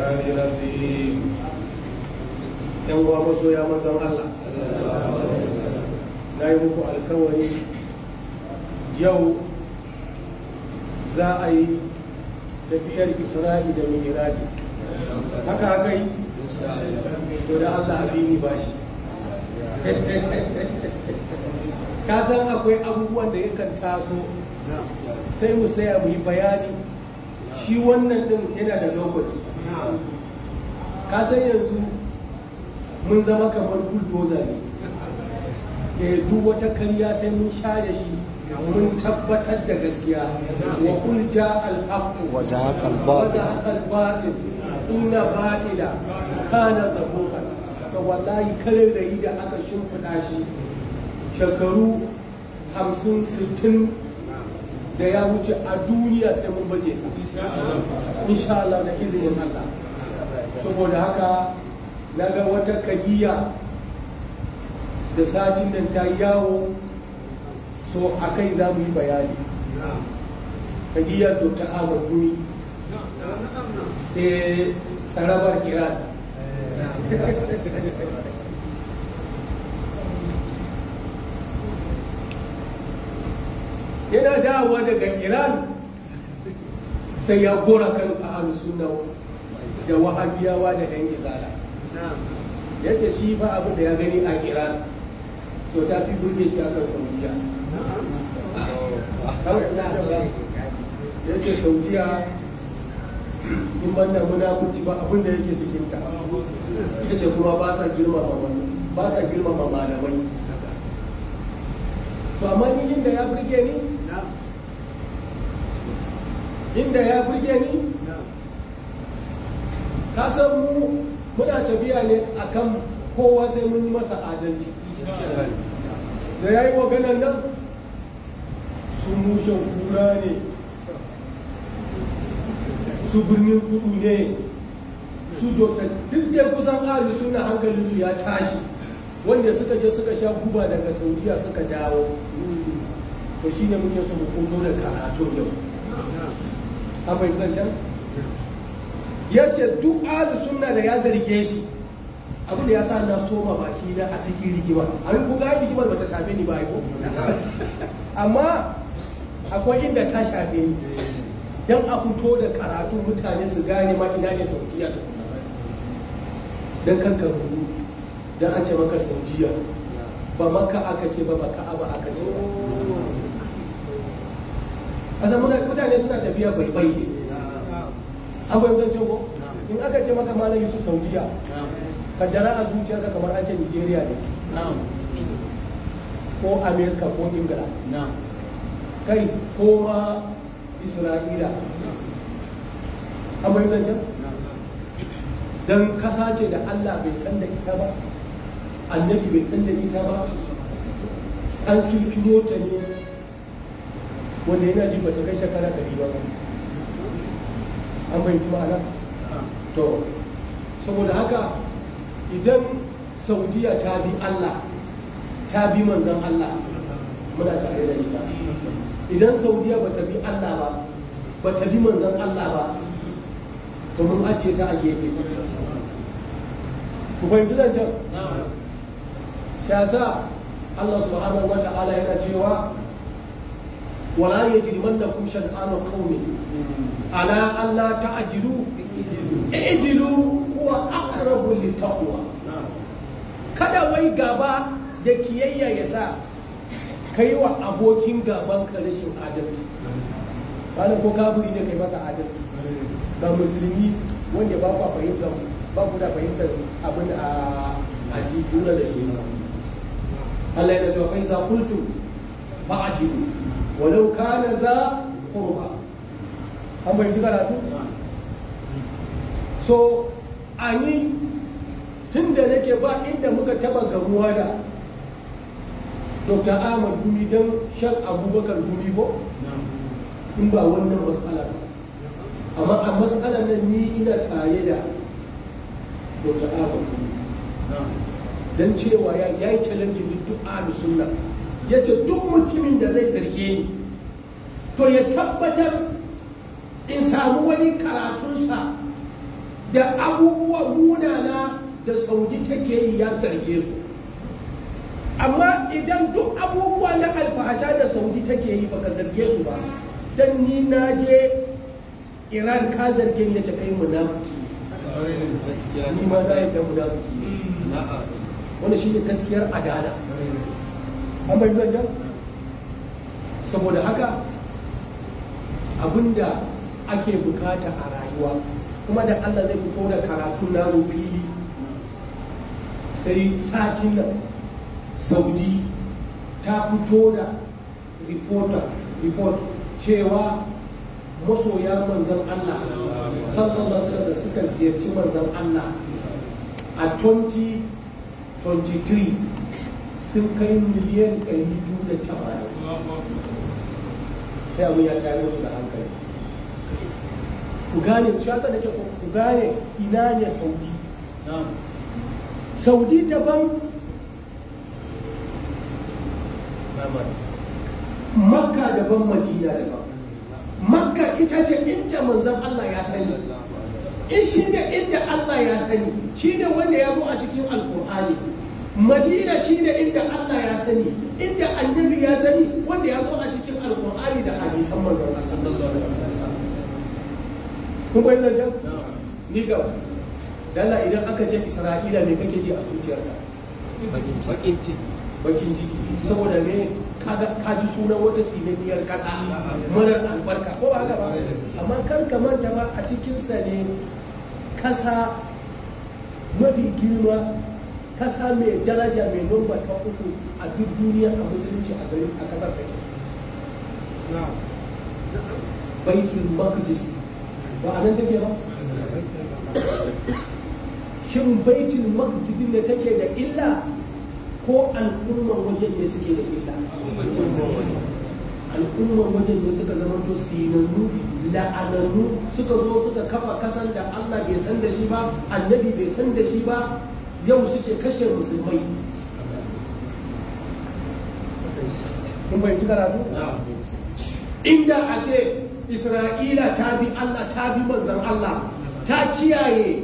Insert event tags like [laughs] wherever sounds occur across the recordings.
القرآن العظيم يوم أبو يا مزام na yi muku alkawari yau za a yi tafiyar isra'i da mihiraji haka haka yi da allah abini ba shi [laughs] ka san akwai abubuwan da yakan taso sai mu saya mu yi bayani shi wannan din yana da lokaci ka san yanzu mun zama kamar bulldozer ne duk wata karya sai mun sha da shi mun tabbatar da gaskiya wa kul ja wa za a kalbaɗin ina ba'ila kana zahuqa da wallahi kare da yi da aka shimfiɗa shi shekaru hamsin sittin da ya wuce a duniya sai mun baje insha Allah da izinin Allah saboda haka na ga wata kagiya da satin nan ta yawo so a kai za mu yi bayani to ta hawa duni sarabar iran eh. [laughs] yana dawowa daga iran sai ya gora kan ahalus suna da wahabiyawa da yan izala yace shi ba abin da ya gani a iran to ta fi burge shi akan saudiya yace saudiya in muna kuci ba abin da yake cikin ta ce kuma ba sa girma ba sa girmama malamai to amma ni ya burge ni inda ya burge ni ka san mu muna tafiya ne akan kowa sai mun masa adalci da ya yi maganar nan su mushen kura ne su birnin kudu ne su dokta duk da kusan aji suna hankalinsu ya tashi wanda suka je suka sha guba daga saudiya suka dawo to shi ne muke so mu koto da karatu yau amai zancan ya ce duk ahlu sunna da ya zarge shi abin da ya sa na soma baki na a cikin rigima abin ko gani rigimar ba shafe ni ba ko [laughs] amma akwai inda ta shafe ni dan a fito da karatu mutane su gane ma ina ne sauki ya ta dan kanka rudu dan an ce maka saudiya ba maka aka ce ba maka aba aka ce ba a zamanin mutane suna tafiya bai bai ne a bai zan ko in aka ce maka malam yusuf saudiya kaddara a zuciyarka kamar an ce nigeria ne ko amerika ko ingila kai ko ma isra'ila a bai zan can Dan kasa ce da allah bai san da ita ba annabi bai san da ita ba an kirkiro ta ne wanda yana ji bata kai shekara ɗari ba an bai ma'ana to saboda haka idan saudiya ta bi allah ta bi manzan allah muna tare da ita idan saudiya bata bi allah ba ba ta bi manzan allah ba domin ajiye ta a gefe ku fahimci zancen Yasa sa Allah subhanahu wa ta'ala yana cewa wala yajrimannakum shan'anu qaumin ala an la ta'jilu ijlu huwa aqrabu littaqwa kada wai gaba da kiyayya ya sa kai wa abokin gaban ka rashin adalci kana ko kafiri ne kai masa adalci ga musulmi wanda ba ku fahimta ba ku da fahimtar abin a juna da shi Allah ya ce fa ba qultum fa'jilu walau kana za kurba an bai ji karatu so ani tun da nake ba inda muka taba gamuwa da dokta Ahmad Gumi don shan Abubakar Gumi ko? In ba wannan matsalar. Amma a matsalar nan ni ina tare da dokta Ahmad Gumi. don cewa ya yi challenge duk ahlu sunna ya ce duk mutumin da zai zarge ni to ya tabbatar in samu wani karatunsa da abubuwa munana da saudi take yi ya zarge su amma idan duk abubuwa na alfahasha da saudi take yi baka zarge su ba dan ni na je iran ka zarge ni ya ce kai munafiki ni ma na yadda munafiki wani shi ne gaskiyar adala an bai zanjan saboda haka abinda ake bukata a rayuwa kuma da allah zai fito da karatu na fili sai satin na saudi ta fito da report cewa masoya manzan allah sallallahu alaihi da suka ziyarci manzan allah a 20 23 sun kai miliyan 280 sai abin ya tayar musu da hankali ku gane shasa da ke ku gane ina ne saudi saudi daban makka daban madina daban makka ita ce inda manzan allah ya sani in eh, shi ne inda Allah ya sani shi ne wanda ya zo a cikin alkur'ani madina shi ne inda Allah ya sani inda annabi ya sani wanda ya zo a cikin alkur'ani da hadisan manzon Allah sallallahu alaihi wasallam kun bai jan ni ga dala idan aka ce Isra'ila me kake ji a zuciyarka bakin ciki bakin ciki saboda me ka ji suna wata sinaniyar kasa marar albarka ko ba haka ba amma kan kamar da ba a cikinsa ne kasa mafi girma kasa mai daraja mai nomba ta uku a duk duniya a musulunci a gari a kasar ke baitul maqdis ba a nan take ba shin baitul maqdis din da take da illa ko al'umman wajen ne suke da illa al'ummar wajen ne suka zama to sinannu la'anannu suka zo suka kafa kasan da Allah bai san da shi ba annabi bai san da shi ba yau suke kashe musulmai kun inda a ce isra'ila ta bi Allah ta bi manzan Allah ta kiyaye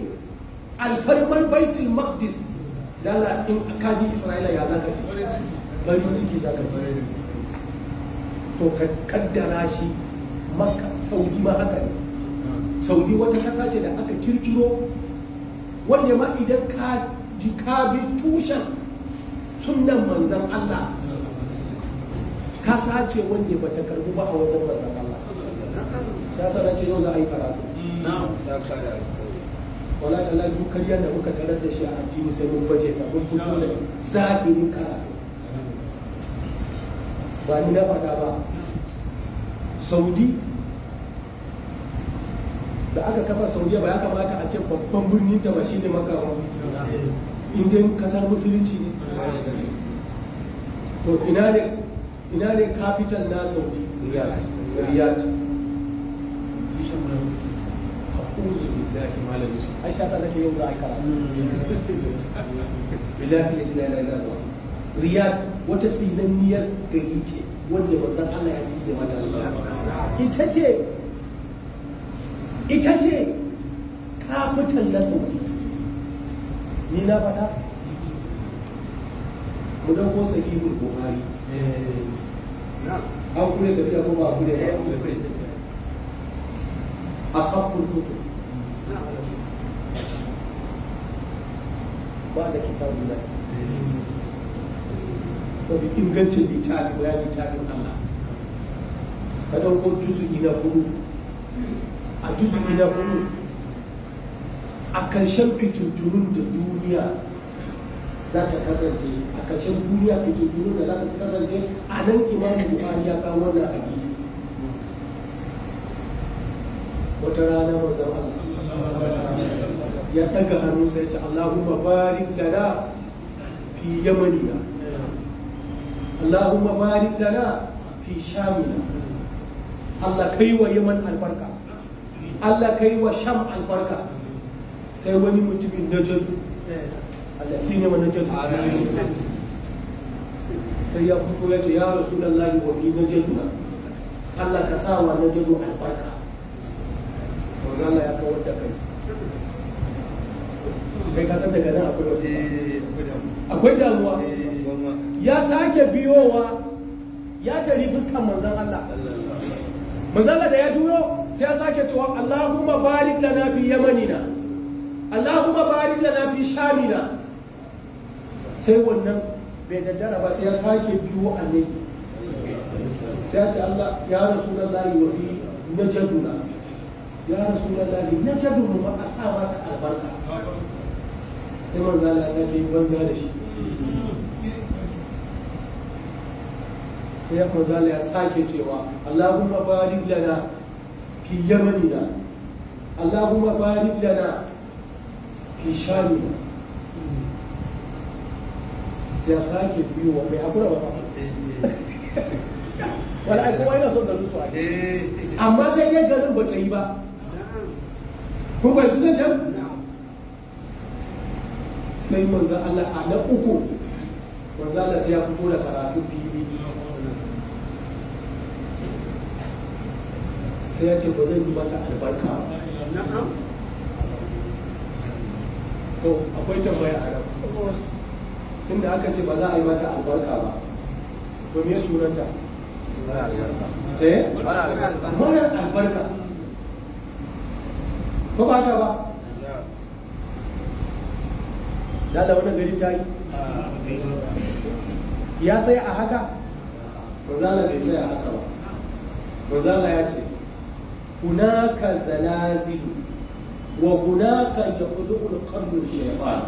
alfarman baitul maqdis lalla in kaji isra'ila ya zaka ce bari ciki zaka to ka kaddara shi maka saudi ma haka ne saudi wata kasa ce da aka kirkiro wanda ma idan ka ji ka bi tushen sunan manzan Allah ka sace wanda ba ta karbu ba a wajen manzan Allah ta sana ce yau za a yi karatu wala ta lalu kariya da muka tarar da shi a addini sai mun baje ta mun fito da zaɓin karatu ba ni na faɗa ba saudi da aka kafa saudiya ba ya kamata a ce babban birnin ta ba shi ne makawa inda kasar musulunci ne to ina ne ina ne capital na saudi riyadh yau za a yi يوصف أشهد ne لا إله إلا الله riyad wata sinanniyar gari ce wanda wanzan Allah ya sike mata ita ce ita ce kafitan na sauki ni na faɗa mu dauko eh na A kure tafiya ko ba kure ba eh, a sakul kutub ba da kitabun wani ingancin littafi ba ya littafin Allah ka ɗauko jusu na hudu a jusu na hudu a ƙarshen fitintunun da duniya za ta kasance a ƙarshen duniya fitintunun da za ta kasance a nan imamu buhari ya kawo wannan gisi wata rana manzon Allah ya ɗaga hannu sai ya ce Allahumma barik lana fi yamanina Allahumma barik lana fi shamina Allah kai wa Yaman albarka Allah kai wa Sham albarka sai wani mutumin na Allah shi ne wannan jadu sai ya fito ya ce ya Rasulullahi wa fi Allah ka sa wa Allah ya da kai kai ka san daga nan akwai wasu eh, akwai damuwa eh. ya sake biyowa ya tari fuskan manzan Allah manzan da ya juyo sai ya sake cewa Allahumma barik lana fi yamanina Allahumma barik lana fi shamina sai wannan bai daddara ba sai ya sake biyo annabi sai ya ce Allah ya rasulullahi wa fi najaduna ya rasulullahi najadun ma asaba ta albarka sai manzan Allah sake banza da shi sai manzala ya sake cewa Allahumma barik lana fi yamanina Allahumma barik lana fi shamina sai ya sake biyo wa bai hakura ba [laughs] wani ai kowa yana son garin su ake eh. amma sai dai garin ba ta yi ba kun fahimci zan can sai manzan Allah a na uku manzan Allah sai ya fito da karatun fi sai ya ce ba zai duba ta albarka to akwai tambaya a nan inda aka ce ba za a yi mata albarka ba to me suranta ta eh? mara albarka ko ba ta ba da wani gari ta yi ah, ya sai a haka manzala bai sai a haka ba manzala ya ce hunaka zalazil wa hunaka yaqulu al-qabru shaytan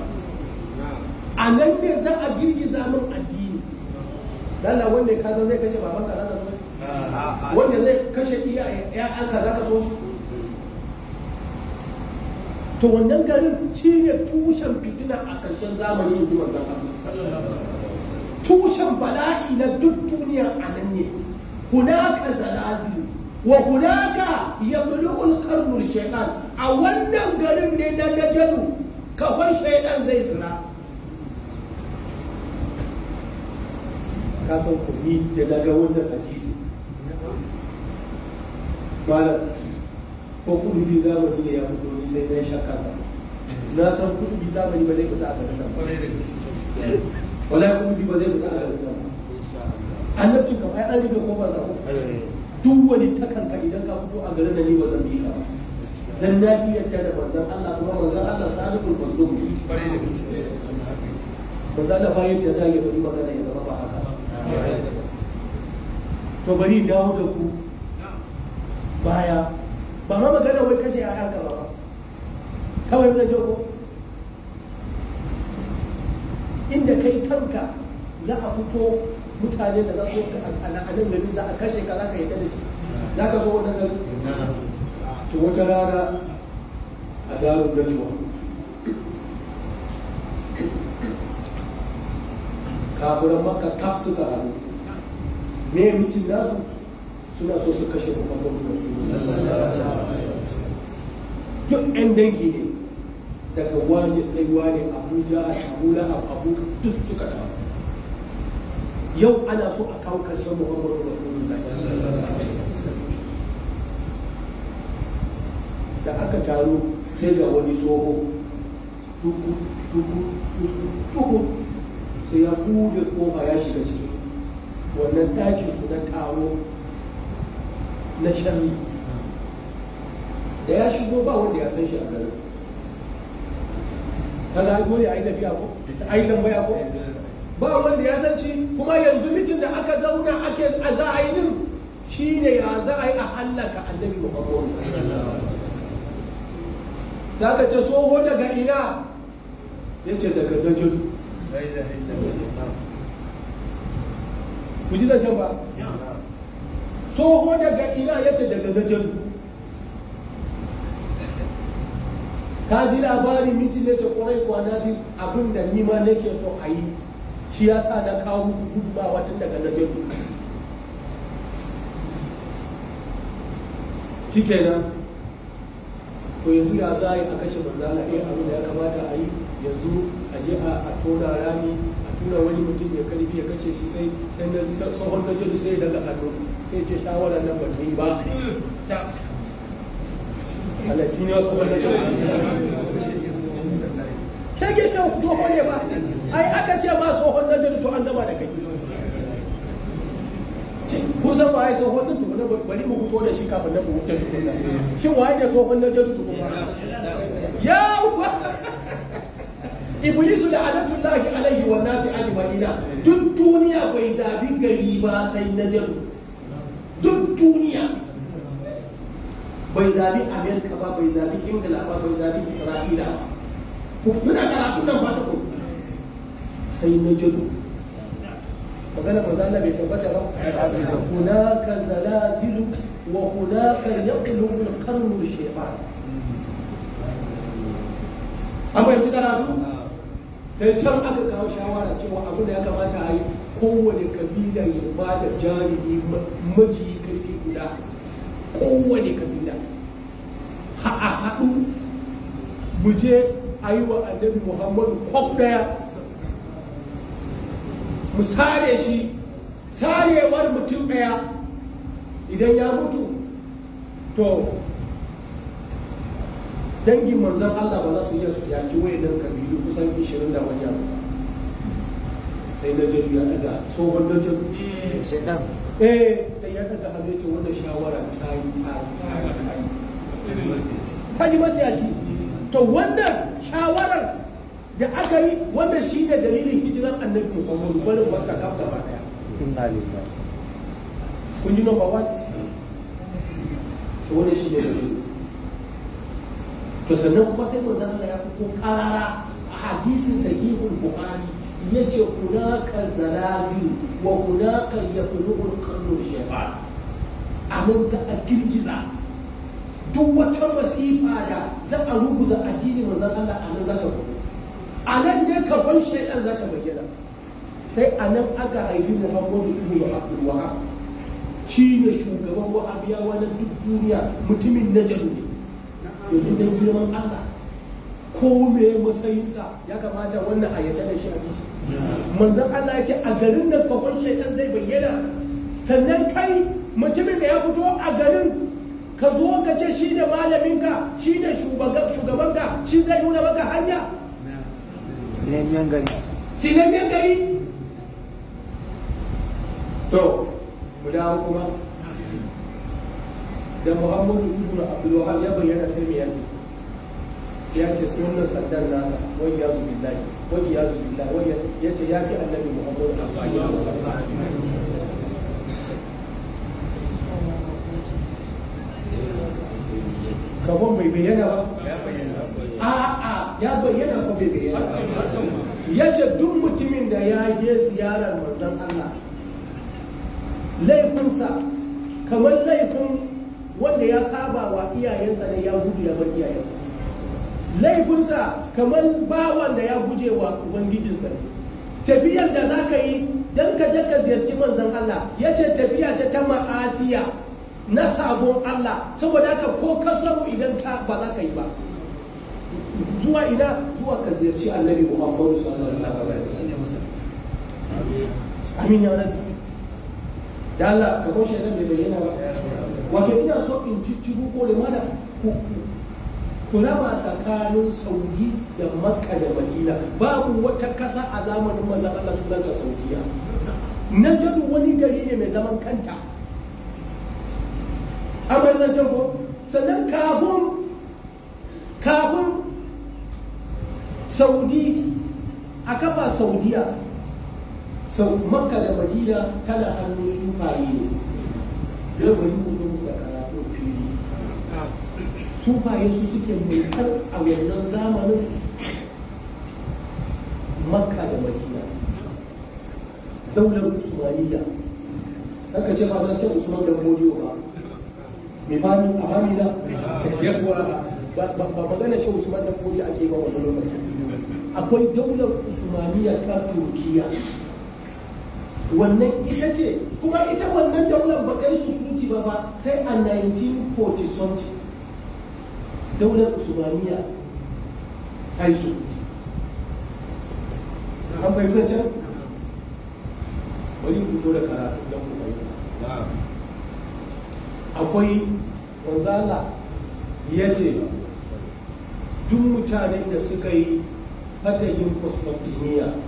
a nan ne za girgiza min addini dalla wanda ka san zai kashe baban ka dalla wanda zai kashe iya za ka so shi to wannan garin shi ne tushen fitina a ƙarshen zamani in ji manzon tushen bala'i na duk duniya a nan ne ka zalazil wa hudaka yablu'u al-qarnu shaytan a wannan garin ne na najadu kawar shaytan zai sira kasan san da daga wannan hadisi malam ko kurmi zamani ne ya fito ni sai na shakka na san kurmi zamani ba zai fita a garin ba zai a ko ba duk wani takanka idan ka fito a garin da wajen ba zan bi ka dan na iya yadda da manzon Allah kuma manzon Allah salihul mazlum ne manzon Allah ba yadda zai yi bari magana ya zama ba haka to bari dawo da ku baya ba ma magana wai kashe ƴaƴanka ba kawai zai jago inda kai kanka za a fito mutane da za su a nan garin za a kashe ka za ka yadda da shi za ka so wannan garin to wata rana a darun dalwa kaburan maka kaf suka hannu me mutum Su suna so su kashe muhammadu su duk 'yan dangi ne daga wani sai wani abuja a a abu duk suka dawo yau ana so a kawo karshen muhammadu rasulullahi da aka taru sai ga wani tsoho tuku tuku tuku sai ya buɗe kofa ya shiga ciki wannan ɗakin su na taro na shari da ya shigo ba wanda ya san shi a garin kaga dole a yi tafiya ko a yi tambaya ko ba wanda ya san ci kuma yanzu mijin da aka zauna ake a za a yi shi ne ya za a yi a hallaka annabi Muhammad sai ka ce soho daga ina yace daga dajadu ku ji zancen ba soho daga ina yace daga dajadu ka ji labarin mijin ne ce kwarai kwana ji abin da nima nake so a yi shi ya sa na kawo muku gudunmawa tun daga na jirgin shi kenan to yanzu ya za a kashe manzala iya eh, abin da ya kamata a yi yanzu a je a tona rami a tura wani mutum ya karfi ya kashe shi sai sai na tsohon na jirgin sai daga hannu sai ce shawarar nan ban yi ba Allah sini wasu wanda ya kashe shi. Shage ta dogon ne ba. ai aka ce ba tsohon nagari to an gama da kai kun san waye tsohon din tukuna bari mu fito da shi kafin na mu wuce tukuna shin waye ne tsohon nagari tukuna yawa iblisu da anatullahi alaihi wa nasi ajma'ina duk duniya bai zabi gari ba sai na jaru. duk duniya bai zabi amerika ba bai zabi ingila ba bai zabi isra'ila ba kuna karatu nan ba ta kuma sai na jidu magana manzo Allah bai tabbata ba hunaka zalazilu wa hunaka karatu sai can aka kawo shawara cewa abin da ya kamata a yi kowane kabila ya ba da jami'i maji karfi guda kowane kabila ha a haɗu mu je a yi wa annabi muhammadu kwab daya mu sare shi sarewar mutum ɗaya idan ya mutu to dangin manzan Allah ba za su iya su yaki wayannan kabilu kusan 20 da wajen sai na jaru ya daga tsohon na jaru eh, eh sai ya daga hannu yake wanda shawara ta yi ta yi ta yi ta yi Ta yi to wannan shawarar da aka yi wannan shi ne dalilin hijiran annabi muhammadu barin wata kaf gaba daya kun ji number one wani shi ne dalilin to sannan kuma sai manzon Allah ya fi kokarara a hadisin sahihul bukhari kuna hunaka zalazil wa ya yaqulu al kano shaytan amin za a girgiza duk wata masifa da za a ruguza addinin manzon Allah a nan za ta fito a nan ne ka gaban shaidan za ta bayyana sai a nan aka haifi muhammadu ibn abdul wahab shi ne shugaban wa'abiyawa na duk duniya mutumin na jaru ne yanzu dan girman allah ko me matsayinsa ya kamata wannan a yadda da shi a bishi manzan allah ya ce a garin nan gaban shaidan zai bayyana sannan kai mutumin da ya fito a garin ka zo ka ce shi da malaminka shi da shugabanka shi zai nuna maka hanya tsinanniyan gari tsinanniyan gari to mu dawo kuma da muhammadu ibn abdulwahab ya bayyana sai me ya ce sai ya ce sai wannan sandan nasa wai ya zubi billahi wai ya zubi billahi wai ya ce ya fi annabi muhammadu kafin bai bayyana ba a'a ya bayyana ko bai bayyana ya ce duk mutumin da ya je ziyarar manzon Allah laifinsa kamar laifin wanda ya saba wa iyayensa ne ya gudu ya bar iyayensa laifinsa kamar bawan da ya guje wa ubangijinsa ne tafiyar da za ka yi don ka je ka ziyarci manzon Allah ya ce tafiya ce ta ma'asiya na sabon Allah saboda ka ko ka idan ka ba za ka yi ba zuwa ina zuwa ka ziyarci annabi muhammadu sallallahu alaihi wasallam amin ya rabbi da Allah ka kaushe nan bai bayyana ba wato ina so in ciccigo ko da mana kula ba tsakanin saudi da makka da madina babu wata kasa a zamanin manzon Allah sunanta saudiya na jadu wani gari ne mai zaman kanta a manzon ko sannan kafin saudi a kafa saudiya sau makka da madina tana hannun sufaye fari ne zai bari mu da karatu fili sufaye su suke mulkar a wannan zamanin makka da madina daular usmaniya haka ce ba na suke usman da modiyo ba mai fami a fami na ba magana shi usman da modiyo ake ba wani lokacin akwai daular usmaniya ta turkiya wannan ita ce kuma ita wannan daular ba kai su kuti ba ba sai a 1940 daular usmaniya ta yi sukuti an bai zancen wani kuto da karatu don ku bayyana akwai wanzala ya ce duk mutanen da suka yi fatahin Constantinople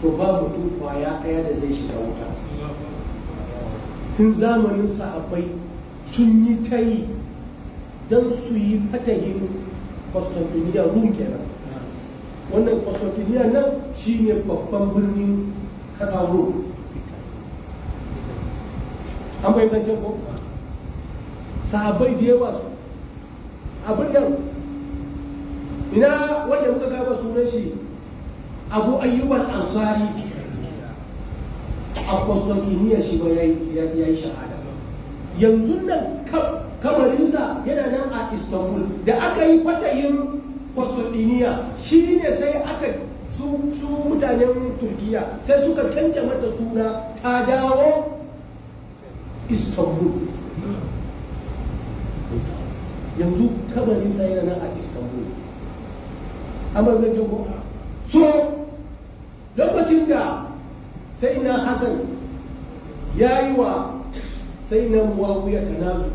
to ba mutum kwaya ɗaya da zai shiga wuta tun zamanin sahabbai sun yi ta yi don su yi fatahin Constantinople rum kenan wannan Constantinople nan shi ne babban birnin ƙasar rum an bai zancen ko sahabbai da yawa su abin da ina wanda muka kama sunan shi abu ayyuban ansari a kwastantiniya shi ba ya yi shahada yanzu nan kamarinsa yana nan a istanbul da aka yi kwatayin kwastantiniya shi ne sai aka su mutanen turkiya sai suka canja mata suna ta dawo istanbul yanzu kamarinsa yana nan a istanbul a mazajin kuma so lokacin da sai na hasan ya yi wa sai na muawiya tanazu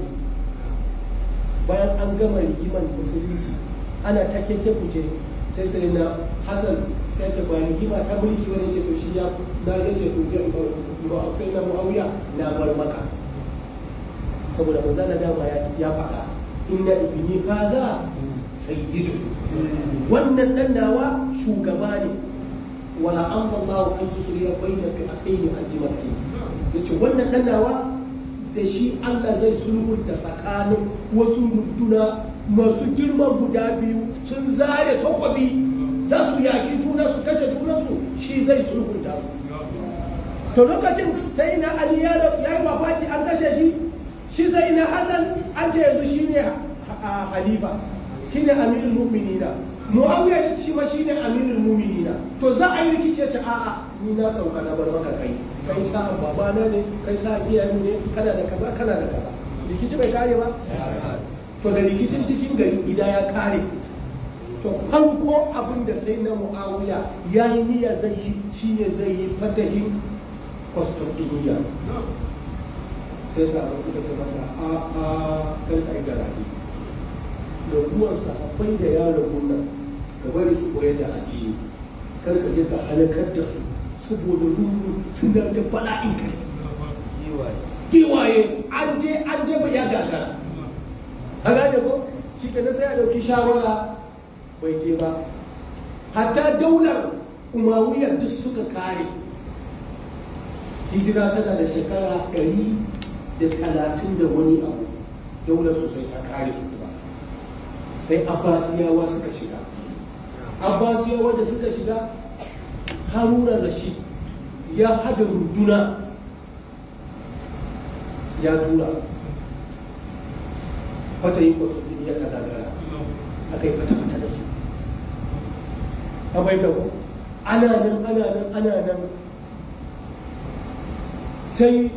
bayan an gama rigimar musulunci ana ta keke kuce sai sai na hasan sai ce ba rigima ta mulki wani ce to shi ya na ya ce to sai na muawiya na bar maka saboda manzana dama ya faɗa inda ibni kaza sayyidu wannan dan nawa shugaba ne wala amma Allah an yusriya baina fi aqini azimati yace wannan dan nawa da shi Allah zai sulhunta tsakanin wasu runduna masu girma guda biyu sun zare takobi za su yaki juna su kashe junansu shi zai sulhunta su to lokacin sai na Ali ya yi mafaci an kashe shi shi sai na Hassan an ce yanzu shine halifa shine amirul mu'minina muawiya shi ma shine amirul mu'minina to za a yi rikice ce a'a ni na sauka na bar maka kai kai sa babana ne kai sa iyayen ne kana da kaza kana da kaza rikici bai kare ba to da rikicin cikin gari gida ya kare to farko abin da sai na muawiya ya yi niyya zai yi ne zai yi fatahin Constantinople sai sa suka ce masa a'a kai kai garaje raguwar akwai da ya ragu nan ka bari su koyar da addini kar ka je ka halakar da su saboda ruhu suna da in kai giwaye an je an je bai ya gagara a gane ko shi kenan sai a ɗauki shawara bai je ba hatta daular umawiya duk suka kare hijira tana da shekara ɗari da talatin da wani abu daular su sai ta kare su sai abbasiyawa suka shiga abbasiyawa da suka shiga haruna rashid ya hada runduna ya tura fata yi kwasu ya ta dagara aka yi fata fata da su abai da ku ana nan ana nan ana nan sai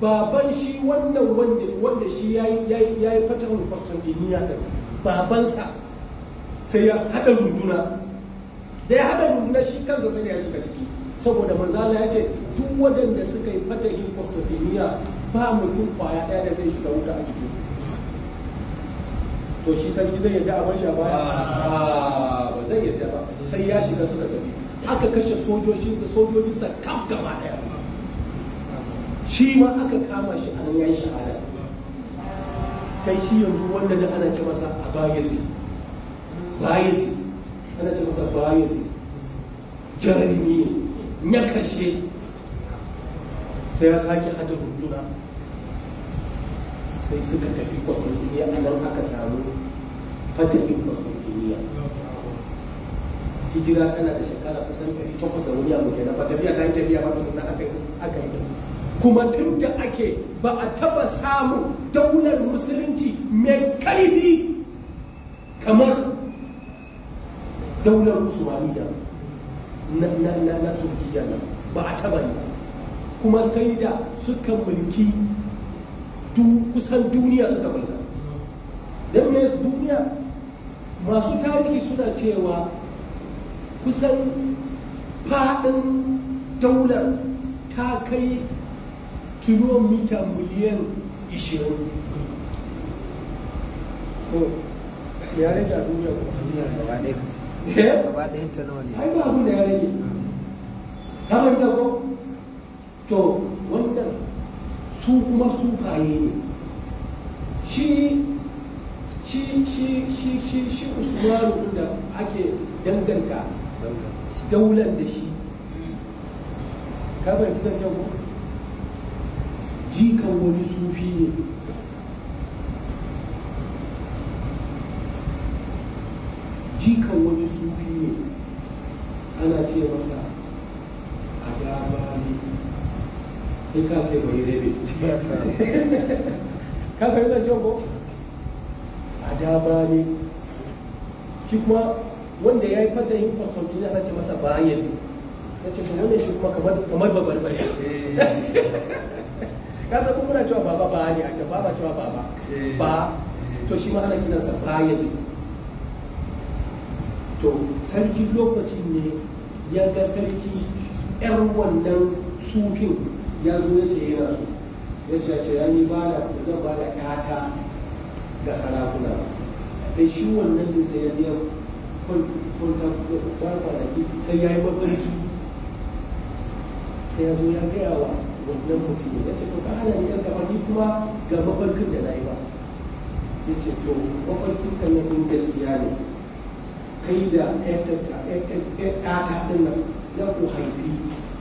baban shi wannan wanda shi ya yi fata kwasu ya ta babansa sai ya haɗa runduna da ya haɗa runduna shi kansa sai ya shiga ciki saboda manzala ya ce duk waɗanda suka yi fatahin kwastotiniya ba mutum kwaya ɗaya da zai shiga wuta a cikinsu to shi sarki zai yarda a shi a baya ah, ba zai yarda ba sai ya shiga suka tafi aka kashe sojojinsa sojojinsa kam gaba ɗaya shi ma aka kama shi a nan ya yi shahada sai shi yanzu wanda da ana ce masa a bayezi bayezi ana ce masa bayezi jarumi ne ya kashe sai ya sake hada hunduna sai suka tafi kwastantiniya a nan aka samu fatakin kwastantiniya hijira tana da shekara kusan 800 wani abu kenan ba tafiya ta yi tafiya ba ta aka yi kuma tunda da ake ba a taba samun daular musulunci mai karfi kamar daular musulmaniya na, na, na, na ba a taba yi kuma sai da suka mulki kusan duniya suka mulka don me duniya masu tarihi suna cewa kusan faɗin daular ta kai kilomita miliyan 20 to ya rage a duniya ko gaba ɗaya eh? gaba ɗaya ta nawa ne ai ba abin da ya rage ta da ko to wannan su kuma su kayi ne shi shi shi shi shi shi usmanu da ake danganta daular da shi kamar da zan ko jikan wani sufi ne jikan wani sufi ne ana ce masa a dama ne ka ce bai rebe [laughs] ka fahimta cewa ko a dama ne shi kuma wanda ya yi fatahin fasomi ana ce masa ba ya ce ta ce kuma wannan shi kuma kamar babarbare [laughs] ka san kuma na cewa baba ba ne a can ba cewa baba ba to shi ma ana kiransa ba ya zai to sarki lokacin ne ya ga sarki yar wannan sufin ya zo ya ce yana so ya ce ce ya ni ba da zan ba da yata ga sarakuna sai shi wannan din sai ya je sai ya yi mafarki sai ya zo ya gaya wa wannan mutum ya ce to ka hana ni kanka ni kuma ga mafarkin da na yi ba ya ce to mafarkin kan nan gaskiya ne kai da ƴata ɗin nan za ku haifi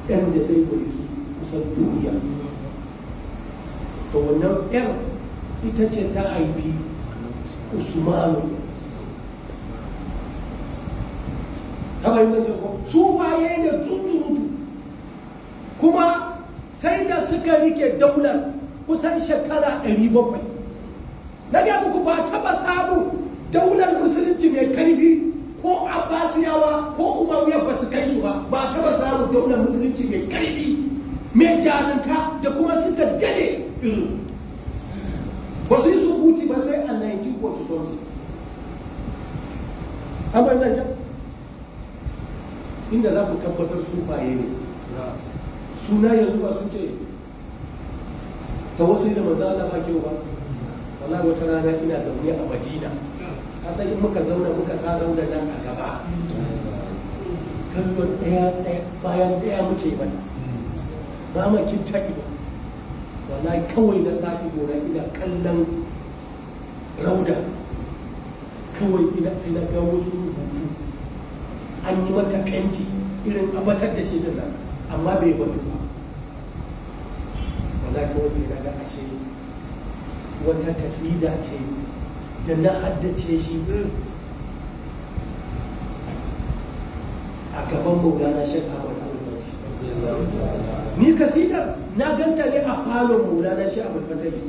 ɗan da zai mulki kusan duniya to wannan ɗan ita ce ta haifi usmanu kamar yanzu ko su baye da tsuntsurutu kuma sai da suka rike daular kusan shekara 700 na ga muku ba taba samu daular musulunci mai karfi ko abbasiyawa ko umaruya ba su kai su ba ba taba samu daular musulunci mai karfi mai jarinta da kuma suka dade irinsu ba su yi sukuti ba sai a 1940 an bai zancen inda za ku tabbatar su baye ne suna yanzu ba sun ce ta wasu da manzo Allah ba kyau ba wallahi wata rana ina zaune a Madina kasan in muka zauna muka sa da nan a gaba kallon ɗaya ɗaya bayan ɗaya muke mana ba ma kin ta ba wallahi kawai na sa gora ina kallon rauda kawai ina sai na ga wasu rubutu an yi mata fenti irin abatar da shi da nan amma bai batu ba wala kawai sai daga ashe wata kasida ce da na haddace shi hmm, a gaban maulana shan abu ni kasidar na ganta ne a falon maulana shi abu fataki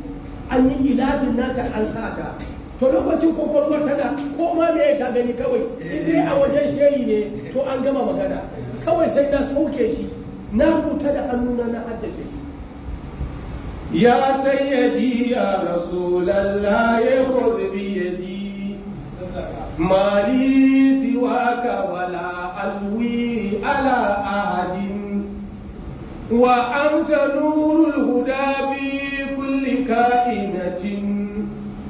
an yi ilajin nata an sa ta to lokacin kwakwalwar tana ko ma me ta gani kawai in dai a wajen shehi ne to an gama magana kawai sai na sauke shi na rubuta da hannuna na haddace shi ya sayyadi ya rasulallah ya bi yadi mali siwaka wala alwi ala ahadin wa anta nurul huda bi kulli ka'inatin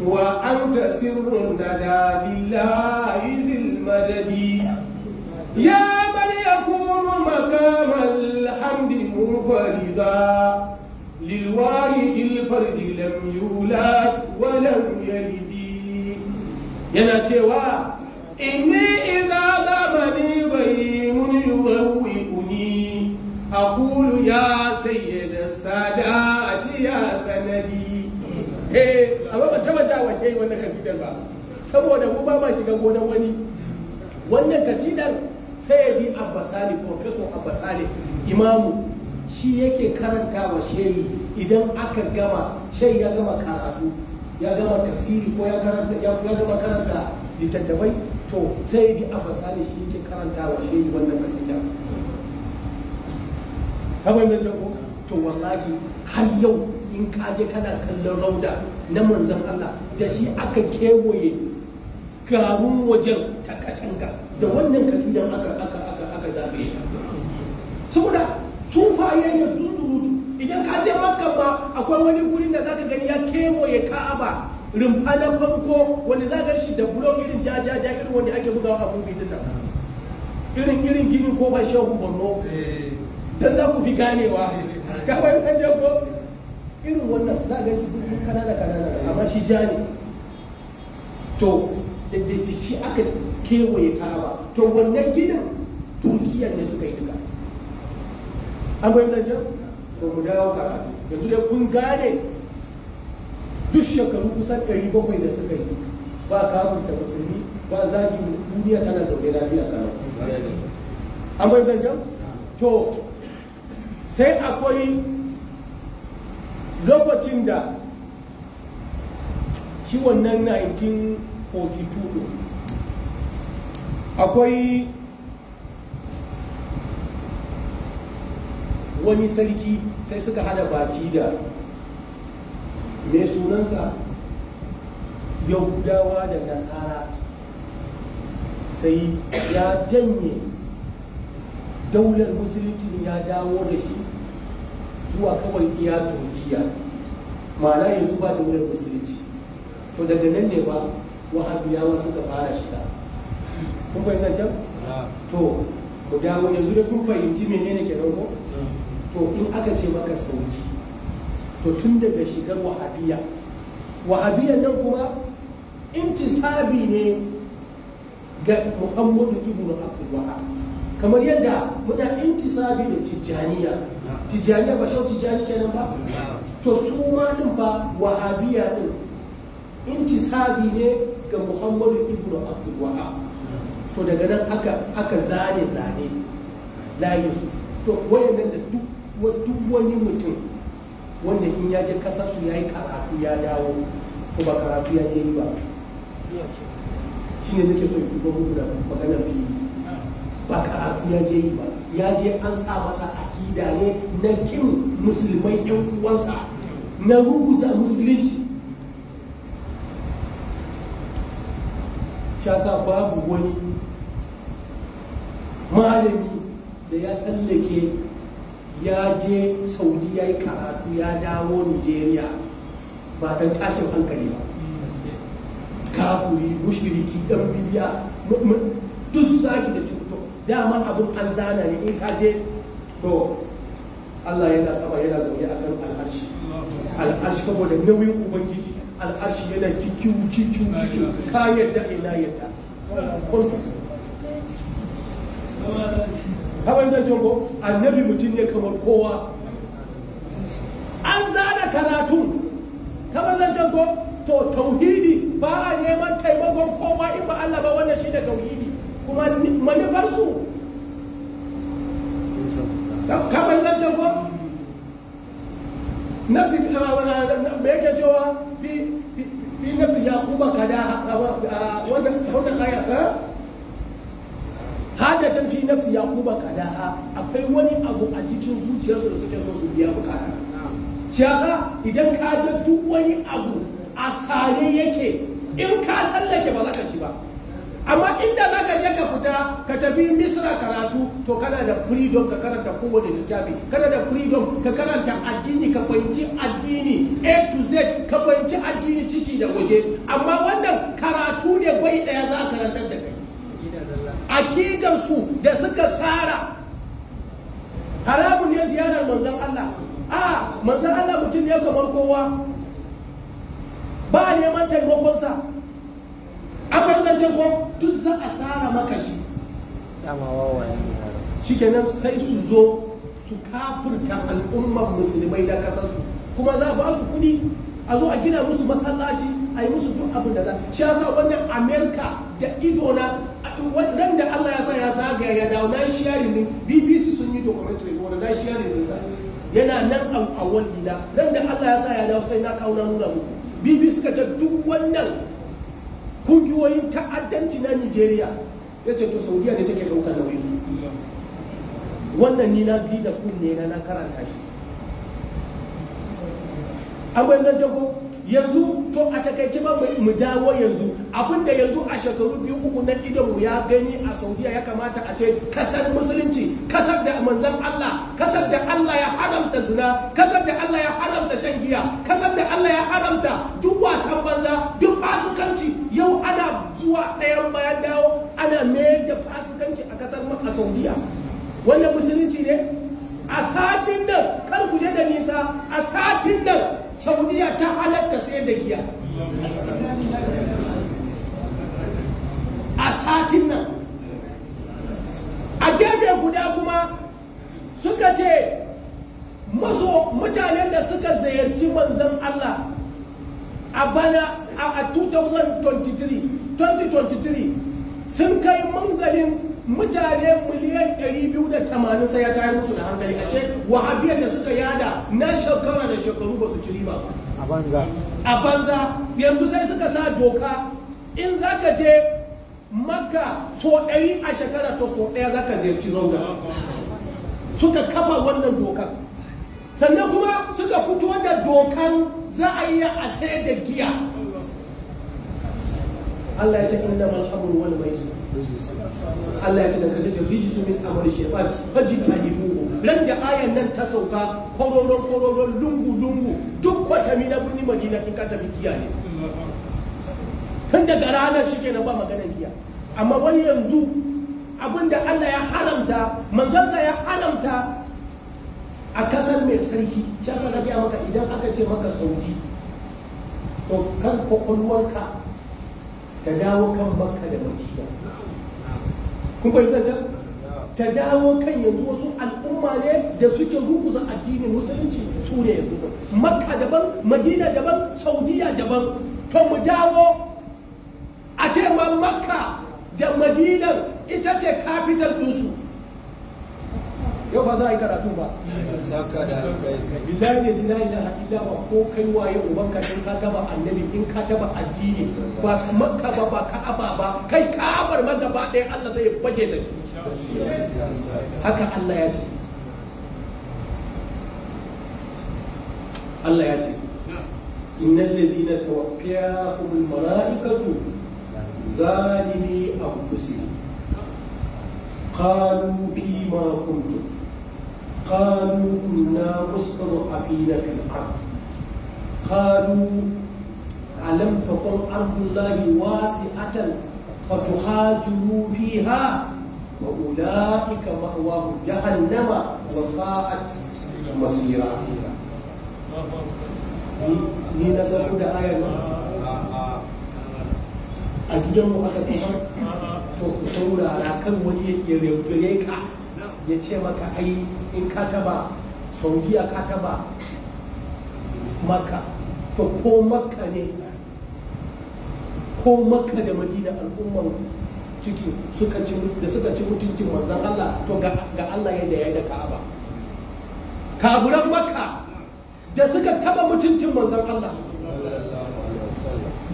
wa anta sirrun da lillahi zil madadi ya منفردا للوالد الفرد لم يولد ولم يلد yana cewa inni iza zamani bai mun yuwawi kuni aqulu ya sayyida sadati ya sanadi eh amma ban taba da wa wannan ba saboda mu ba ma shiga gonan wani wannan kasidar sai bi ko professor abbasali imamu shi yake karanta wa shehi idan aka gama shehi ya gama karatu ya gama tafsiri ko ya karanta ya gama karanta littattafai to sai bi a fasali shi yake karanta wa shehi wannan kasida kamar da ko to wallahi har yau in ka je kana kallon rauda na manzan Allah da shi aka kewaye garun wajen ta da wannan kasidan aka aka aka aka zabe ta saboda sufaye ya sun surutu idan ka ce makka ba akwai wani guri da zaka gani ya ya ka'aba rumfa na farko wanda za ka shi da bulon irin jajaja irin wanda ake bugawa a mubi din irin irin gini ko ba shehu borno eh. dan za ku fi ganewa eh, eh, ka bai kan jago irin wannan za ka shi duk kanana kanana amma shi ja ne to da shi aka kewaye ka'aba to wannan gidan turkiya ne suka yi duka an bai zancen to mu dawo karatu yanzu dai kun gane duk shekaru kusan ɗari bakwai da suka yi ba kamunta musulmi ba zagi duniya tana zaune lafiya kana an bai zancen to sai akwai lokacin da shi wannan 1942 akwai wani sarki sai suka hada baki da mai sunansa yahudawa da nasara sai ya janye daular musulunci ya dawo da shi zuwa kawai iya turkiya ma'ana yanzu ba daular musulunci to daga nan ne ba wahabiyawa suka fara shiga kun fahimta can to ku dawo yanzu da kun fahimci menene ke ko to in aka ce maka sauki to tun daga shigar wahabiya wahabiya nan kuma intisabi ne ga muhammadu ibn abdul kamar yadda muna intisabi da tijjaniya tijjaniya ba shau tijjani kenan ba to su ma din ba wahabiya din intisabi ne ga muhammadu ibn abdul to daga nan aka zane zane layi su to wayannan da duk duk wani mutum wanda in ya je kasarsu su ya yi karatu ya dawo ko ba karatu ya je yi ba shine nake so in fito muku da magana fili ba karatu ya je yi ba ya je an sa masa akida ne na kin musulmai yan uwansa na rubuta musulunci shasa babu wani malami da ya tsallake ya je saudi ya yi karatu ya dawo nigeria ba ta tashin hankali ba kafuri mushiriki dan bidiya duk zaki da cuto dama abin an zana ne in ka je to Allah yana sama yana zaune a kan al'arshi al'arshi saboda nauyin ubangiji al'arshi yana kikiu kikiu kikiu ka yadda ina yadda kamar zan ko annabi mutum ne kamar kowa an zana karatu kamar zan ko to tauhidi ba a neman taimakon kowa in ba Allah ba wannan da tauhidi kuma manufar su kamar zan ko nafsi me yake cewa fi nafsi ya kuma kada a wannan aya can fi nafsi ya da kadaha akwai wani abu a cikin zuciyarsu da suke so su biya bukata shi yasa idan ka ji duk wani abu a sare yake in ka sallake ba za ka ci ba amma inda za ka je ka fita ka tafi misra karatu to kana da freedom ka karanta kowane littafi kana da freedom ka karanta addini ka fahimci addini a to z ka fahimci addini ciki da waje amma wannan karatu ne bai daya za ka karantar da akidansu da suka tsara haramun ne ziyarar manzan Allah a manzan Allah mutum ne kamar kowa ba a neman taimakonsa akwai zancen ko tun za a tsara maka shi kenan sai su zo su kafurta al'ummar musulmai na kasarsu kuma za a ba su kuɗi a zo a gina musu masallaci a yi musu duk abin da za shi yasa wannan america da ido na wannan da allah ya sa ya zagaya ya dawo na shi yarin din bbc sun yi documentary ko na shi ya din sa yana nan a awon dina nan da allah ya sa ya dawo sai na kawo na nuna muku bbc suka ce duk wannan kungiyoyin ta'addanci na nigeria ya ce to saudiya ne take ɗaukar da su wannan ni na bi da ku na na karanta shi an zan zancen ko yanzu to a takaice ba mu dawo yanzu abinda yanzu a shekaru biyu uku na mu ya gani a saudiya ya kamata a ce kasar musulunci kasar da manzan allah kasar da allah ya haramta zina kasar da allah ya haramta shan giya kasar da allah ya haramta duk wasan banza duk fasikanci yau ana zuwa ɗayan bayan dawo ana mayar da fasikanci a kasar mu a saudiya wannan musulunci ne a satin nan kan ku je da nisa a satin nan saudiya ta halatta sayar da giya a satin nan a gefe guda kuma suka ce maso mutanen da suka ziyarci manzan Allah a bana a 2023 sun kai manzalin mutane miliyan 280 sai ya tayar musu da hankali ashe wahabiyar da suka yada na shekara da shekaru ba su ci riba a banza a banza yanzu sai suka sa doka in za ka je maka so 100 a shekara to so daya za ka ziyarci rauda suka kafa wannan dokan sannan kuma suka fito da dokan za a yi a sai da giya Allah ya ce inna mal wal maisir Allah ya ce daga kashe rijisu min ta yi fajtanibuhu ran da ayan nan ta sauka kororon kororon lungu lungu duk kwatami na birnin Madina in ka tafi giya ne tun daga ranar shi kenan ba maganar giya amma wani yanzu abinda Allah ya haramta manzansa ya haramta a kasar mai sarki ya sa na maka idan aka ce maka sauki to kan kwakwalwarka ta dawo kan maka da madina kun ta dawo kan yanzu wasu al'umma ne da suke rukusa addinin musulunci su ne yanzu makka daban madina daban saudiya daban to mu dawo a ce makka da madinan ita ce capital ɗinsu yau ba za a yi karatu ba billahi ne zina ila hakila ba ko kai waye uban ka in ka taba annabi in ka taba addini ba makka ba ba ka'aba ba kai ka'abar ma gaba ɗaya Allah zai baje da shi haka Allah ya ce Allah ya ce innal ladzina tawaffiyahumul malaikatu zalimi anfusihim qalu bima kuntum قالوا كنا مستضعفين في الأرض قالوا ألم تكن أرض الله واسعة فتهاجروا فيها وأولئك مأواهم جهنم وساءت مصيرا ni na sauko da ayar nan a gidanmu aka tsoma to ku saurara kan wani ya yaudare ka ya ce maka ai in ka taba saudiya ka taba to ko makka ne ko makka da madina al'umman ciki suka ci da suka ci mutuncin manzon Allah to ga Allah yadda ya da Ka'aba kaburan makka da suka taba mutuncin manzon Allah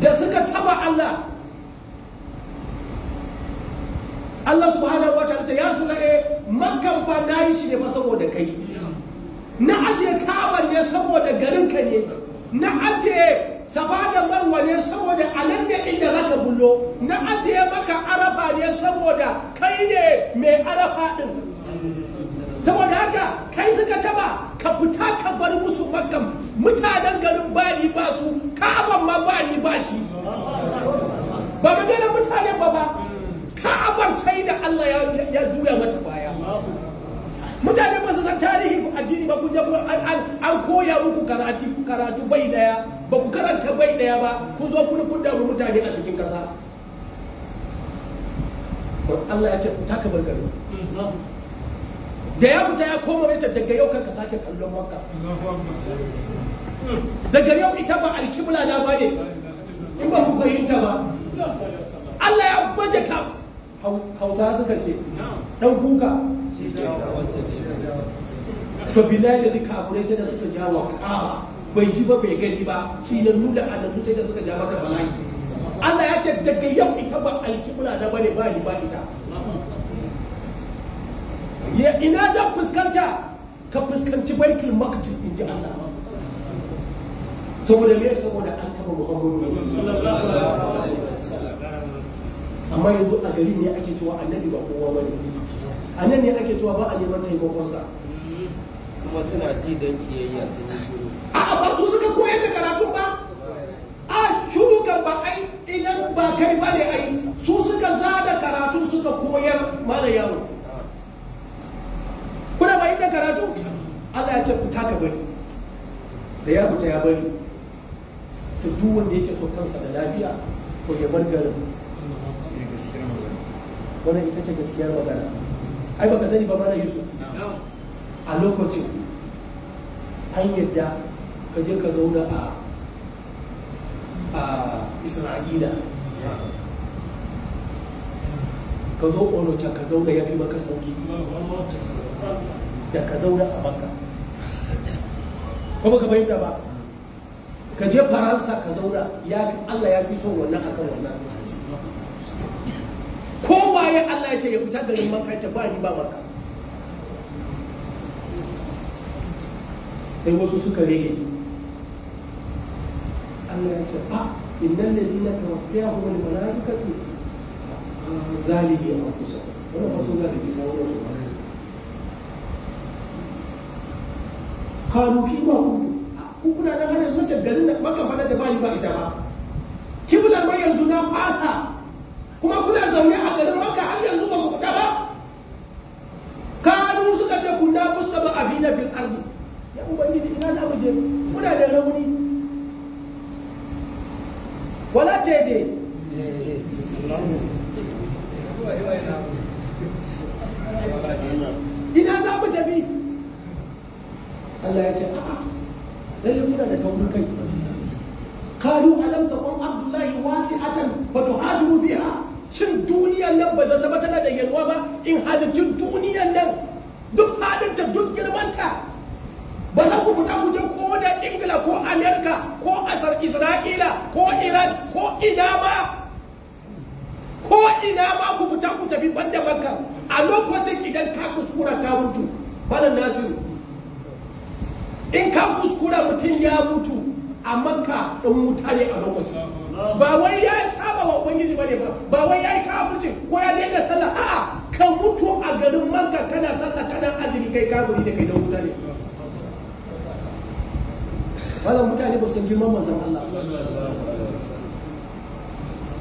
da suka taba Allah Allah subhanahu wa ta'ala ya sulaye makan fa na yi shi ne ba saboda kai na aje kaban ne saboda garin ka ne na aje safa da marwa ne saboda anan ne inda zaka bullo na aje maka arafa ne saboda kai ne mai arafa din saboda haka kai suka taba ka fita ka bar musu makan mutanen garin bali ba su kaban ma bali ba shi ba maganar mutane ba ba ka'abar sai da Allah ya juya mata baya mutane ba su san tarihin addini ba kun jabo an koya muku karatu karatu bai daya ba ku karanta bai daya ba ku zo kun kun da mutane a cikin kasa Allah ya ce ta ka bar gari da ya mutaya ya koma ta daga yau kanka sake kallon makka daga yau ita ba alkibla na ba ne in ba ku fahimta ba Allah ya baje ka hausa suka ce dan kuka to billahi da zika abu sai da suka ja wa bai ji ba bai gani ba shi na nuna annabi sai da suka ja maka bala'i Allah ya ce daga yau ita ba alkibla da bane ba ni ba ita ya ina zan fuskanta ka fuskanci baitul maqdis in ji Allah saboda me saboda an taba Muhammadu sallallahu alaihi wasallam amma yanzu a gari ne ake cewa annabi ba kowa bane a nan ne ake cewa ba a neman taimakonsa kuma suna ji dan kiyayya sun yi shiru a ba su suka koyar da karatu ba a shiru kan ba ai idan ba kai ba ne ai su suka zada karatu suka koyar mana yaro kuna ba inda karatu Allah ya ce fita ka bari da ya fita ya bari to duk wanda yake so kansa da lafiya to ya bar garin wannan ita ce gaskiyar magana ai baka sani ba mana yusuf a lokacin an yadda ka je ka zauna a isra'ila ka zo onota ka zauna ya fi maka sauki da ka zauna a maka kuma ka fahimta ba ka je faransa ka zauna ya fi allah ya fi son wannan akan wannan bayan Allah ya ce ya fita garin maka ta ba ni ba maka sai wasu suka rege Allah ya ce a ah, innal ladina tawaffiyahum al malaikatu zalimi anfusahum wannan ba su zalimi ba wannan ba qalu fima kuntum ah, ku kuna nan har yanzu ta garin maka fa na ta ba ni ba ita ba kibla mai yanzu na fasa kuma kuna zaune a garin maka har yanzu ba ku fita ba kanu suka ce kunna mustaba abina bil ardi ya ubangiji ina za mu je da rauni wala ce de ina za mu tafi Allah ya ce a'a lalle kuna da kaurin kai قالوا ألم تكن عبد الله واسعة فتهاجروا بها shin duniyan nan ba zan zama tana da yalwa ba in halittun duniyan nan duk ta duk girmanta ba za ku fita kujin ko da ingila ko amerika ko asar isra'ila ko iran ko ina ba ko ina ba ku fita ku tafi banda makka a lokacin idan ka kuskura ka mutu malam nasiru in ka kuskura mutum ya mutu a makka ɗan mutane a lokacin ba wai ya saba wa ubangiji ne ba ba wai ya yi kafirci ko ya daina sallah a'a ka mutu a garin makka kana sallah kana azumi kai kafiri da kai da wuta ne mutane ba su girman manzon Allah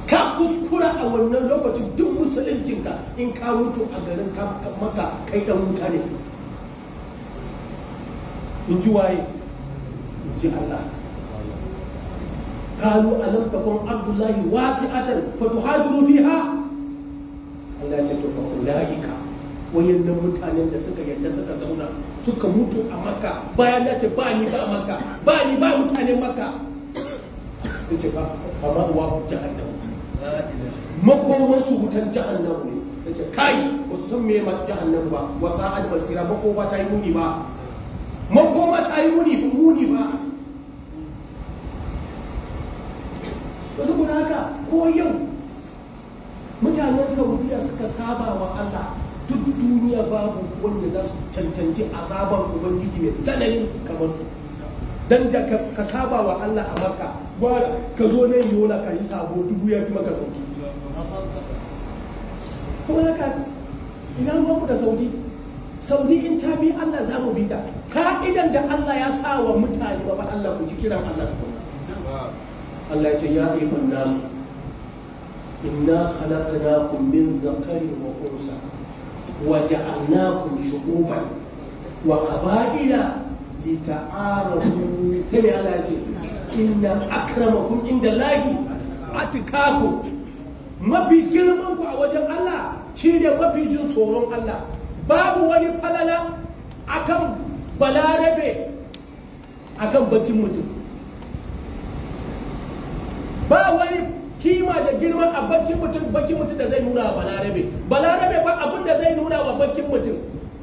ka kuskura a wannan lokacin duk ka in ka mutu a garin makka kai dan wuta ne in ji waye in ji Allah Kalu ألم تكن Abdullahi الله واسعة فتهاجروا biha Allah ce to ulaika wayannan mutanen da suka yadda suka zauna suka mutu a makka bayan ya ce ba ni ba makka ba ni ba mutanen makka yace ba amma wa jahannam makoman su wutan jahannam ne yace kai ba su san me ma jahannam ba wa sa'ad basira makoma ta yi muni ba makoma ta yi muni muni ba saboda haka ko yau mutanen saudiya suka saba wa allah duk duniya babu wanda za su cancanci azabar ubangiji mai tsanani kamar su dan da ka saba wa allah a maka, gwara ka zo nan yola ka yi sabo dubu ya fi maka sauki na haka ina ruwa ku da saudi saudi in ta bi allah za mu bi ta ka'idan da allah ya sa wa mutane ba allah ku ji kiran allah ta kuma? Allah ya ce ya ayyukan nasu inna khalaqnakum min zakarin wa unsa wa ja'alnakum shu'uban wa qaba'ila lita'arafu sai ne Allah ya ce inna akramakum inda lahi atikakum mafi girman ku a wajen Allah shine mafi jin tsoron Allah babu wani falala akan balarabe akan bakin mutum ba wani kima da girma a bakin mutum bakin mutum da zai nuna wa balarabe balarabe ba abin da zai nuna wa bakin mutum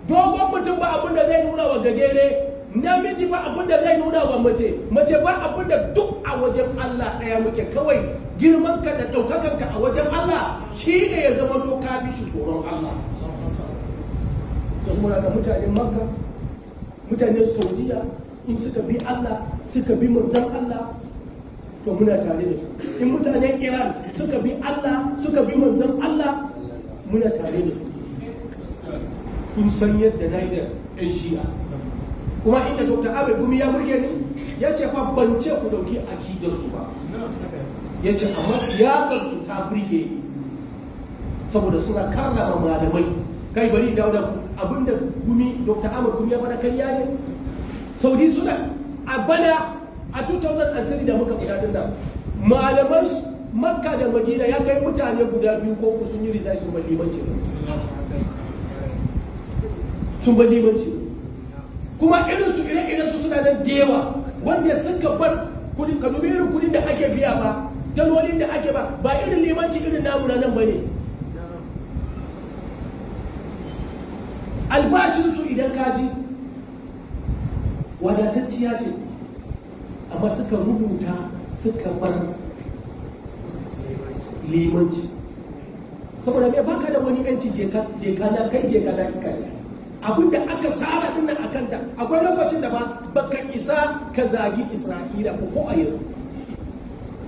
dogon mutum ba abin da zai nuna wa gajere namiji ba abin da zai nuna wa mace mace ba abin da duk a wajen Allah ɗaya muke kawai girman ka da ɗaukakan ka a wajen Allah shi ne ya zama to ka fi shi tsoron Allah yanzu muna da mutanen Makka mutanen Saudiya in suka bi Allah suka bi mutan Allah to muna tare da su in mutanen iran suka bi allah suka bi manzon allah muna tare da su kun san yadda na yi da yan shi'a kuma inda dr abe gumi ya burge ni ya ce fa ban ce ku dauki akidarsu ba ya ce amma siyasar su ta burge ni saboda suna karrama malamai kai bari dauda abinda gumi dr abe gumi ya faɗa kariya ne saudi suna a bana a 2003 da muka fita da malaman makka da madina ya kai mutane guda biyu ko ku sun yi rizai sun bar limanci sun bar limanci kuma irin su ire iren su suna nan da yawa wanda suka bar kudin ka dubi irin kudin da ake biya ba dalolin da ake ba ba irin limanci irin namu na nan ba ne albashinsu idan kaji wadatacciya ce amma suka rubuta suka bar limanci saboda me baka da wani yanci je na kai je kana kai abin da aka tsara din nan akanta akwai lokacin da ba baka isa ka zagi Isra'ila ko ko a yanzu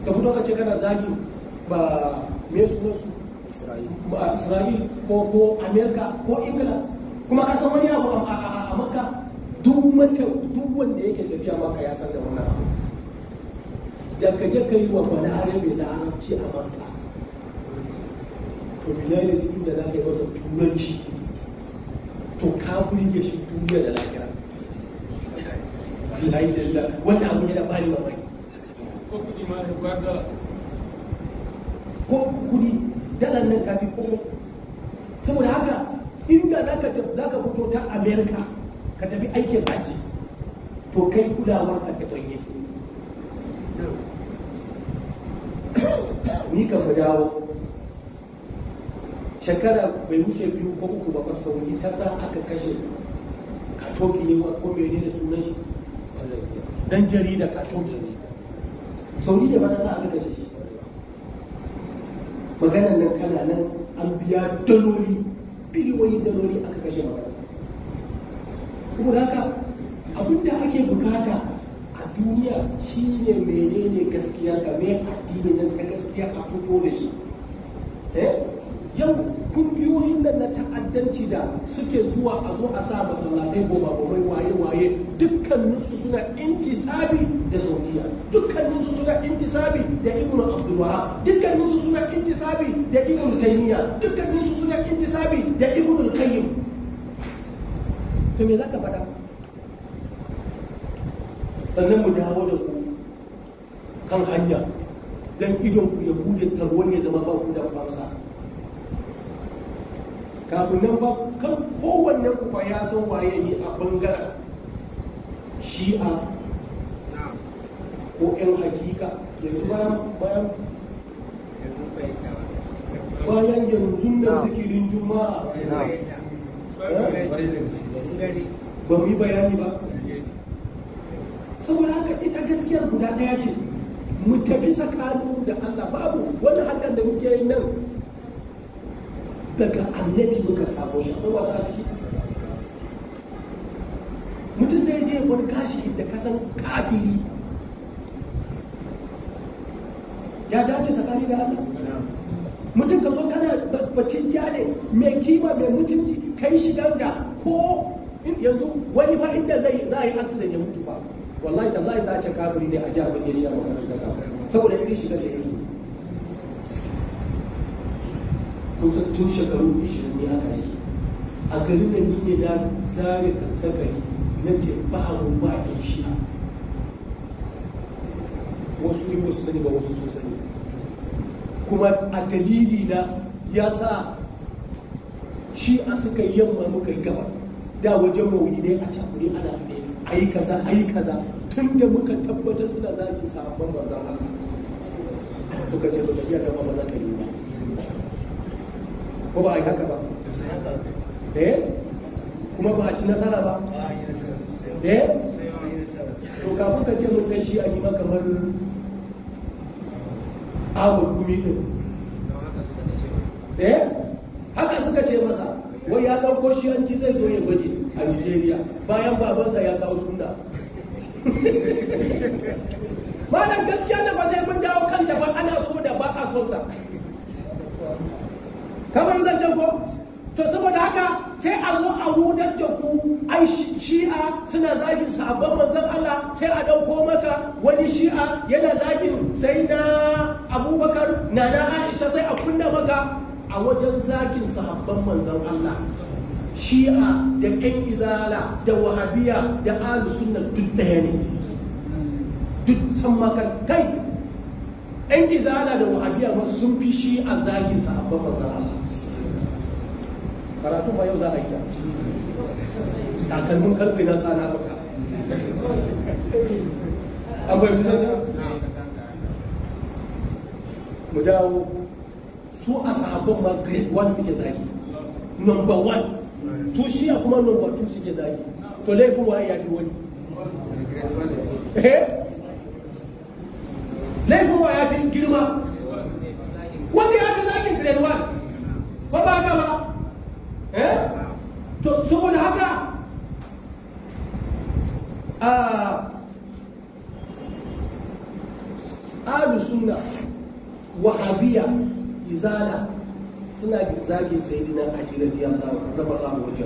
ka fito ka ce kana zagi ba me sunan su ba Isra'il ko ko America ko Ingila kuma ka san wani abu a Makka duk wanda yake tafiya maka ya san da wannan abu da ka je ka yi wa balarabe mai arabci a banka to bilal su inda za ka yi masa turanci to ka burge shi duniya da lafiya wallahi da Allah wanda abu yana bani mamaki ko kudi ma da gwada ko kudi dalan nan kafi ko saboda haka inda zaka zaka fito ta America ka tafi aikin haji to kai kulawar ka daban yake ni ka mu dawo shekara bai wuce biyu ko uku ba sauri ta sa aka kashe katoki ne ma ko mene da sunan shi dan jarida katoki ne sauri da ba ta sa aka kashe shi maganar nan tana nan an biya daloli biliyoyin daloli aka kashe magana saboda haka abinda ake bukata duniya shi ne ne gaskiya da me addini nan ta gaskiya a fito da shi eh? yau kungiyoyin nan na ta'addanci da suke zuwa a zo a sa masallatai goma gomai waye waye dukkaninsu suna intisabi da saudiya dukkaninsu suna intisabi da ibnu abdulwahab dukkaninsu suna intisabi da ibnu taymiya dukkaninsu suna intisabi da ibnu qayyim to me zaka faɗa sannan mu dawo da ku kan hanya don idon ku ya bude tarwon ya zama ba ku da kwansa kafin nan ba kan kowanne ku ba ya san waye ne a bangaren shi'a ko 'yan hakika yanzu bayan bayan bayan yanzu nan zikirin juma'a eh? ba mu yi bayani ba saboda haka ita gaskiyar guda ɗaya ce mu tafi tsakaninmu da Allah babu wani hakan da muke yi nan daga annabi muka samu shi akwai wasa a ciki mutum zai je bar gashi da kasan kafiri ya dace tsakani da Allah mutum ka zo kana bacin jale mai kima mai mutunci kai shigar da ko yanzu wani fa inda zai za a yi accident ya mutu ba wallahi tallahi za ta kafiri ne a ji abin da ya shi a makarantar kafiri saboda irin shiga da yake kun san tun shekaru 20 ne aka yi a garin da ni ne na zare kansa gari na ce ba mu ba ɗan shi'a wasu ne wasu sani ba wasu sun sani kuma a dalili na ya sa shi a suka yamma muka yi gaba da wajen mawuni dai a cakuri ana a yi kaza a yi kaza tun da muka tabbatar suna zaki sahabban manzon Allah muka ce ba tafiya da ba za ta yi ba ko ba a yi haka ba eh kuma ba a ci nasara ba eh to kafin ka ce mun kai shi a yi maka kamar awon gumi din eh haka suka ce masa wai ya ɗauko shi an ci zai zo ya gwaje a Nigeria bayan babansa ya kawo suna. malam gaskiya da ba zai mun dawo kan ta ba ana so da ba a so ta kamar zancen ko to saboda haka sai a zo a hudar da ku ai shi'a suna zagin sahabban manzon Allah sai a dauko maka wani shi'a yana zagin sai na abubakar na na aisha sai a kunna maka a wajen zagin sahabban manzon Allah shi'a da ƴan izala da wahabiya da alu sunna duk daya ne duk san makar kai yan izala da wahabiya ma sun fi shi'a zagin sahabban manzon Allah karatu ba yau za a yi ta takalmin karfe na sana fita an bai zanta mu dawo su a sahabban ma grade one suke zagi number one to shi a kuma number two suke zagi to laifin wa ya fi wani eh? laifin wa ya fi girma wanda ya fi zagin grade one ko ba haka ba eh? to saboda haka a ahlus sunna wahabiyya izala suna zagi sayyidina ali radiyallahu karramallahu waje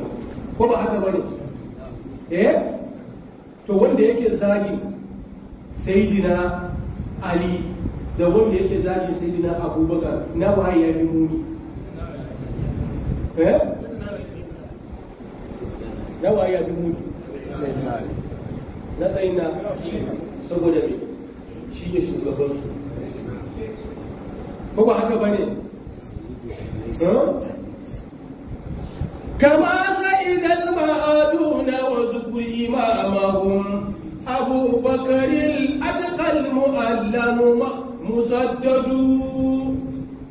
ko ba haka bane eh to wanda yake zagi sayyidina ali da wanda yake zagi sayyidina abubakar na waye ya fi muni eh na waye ya fi muni sayyidina ali na sayyidina saboda me shi ne shugabansu ko ba haka bane كما سئد المعادون وذكر إمامهم أبو بكر الأتقى المؤلم مسدد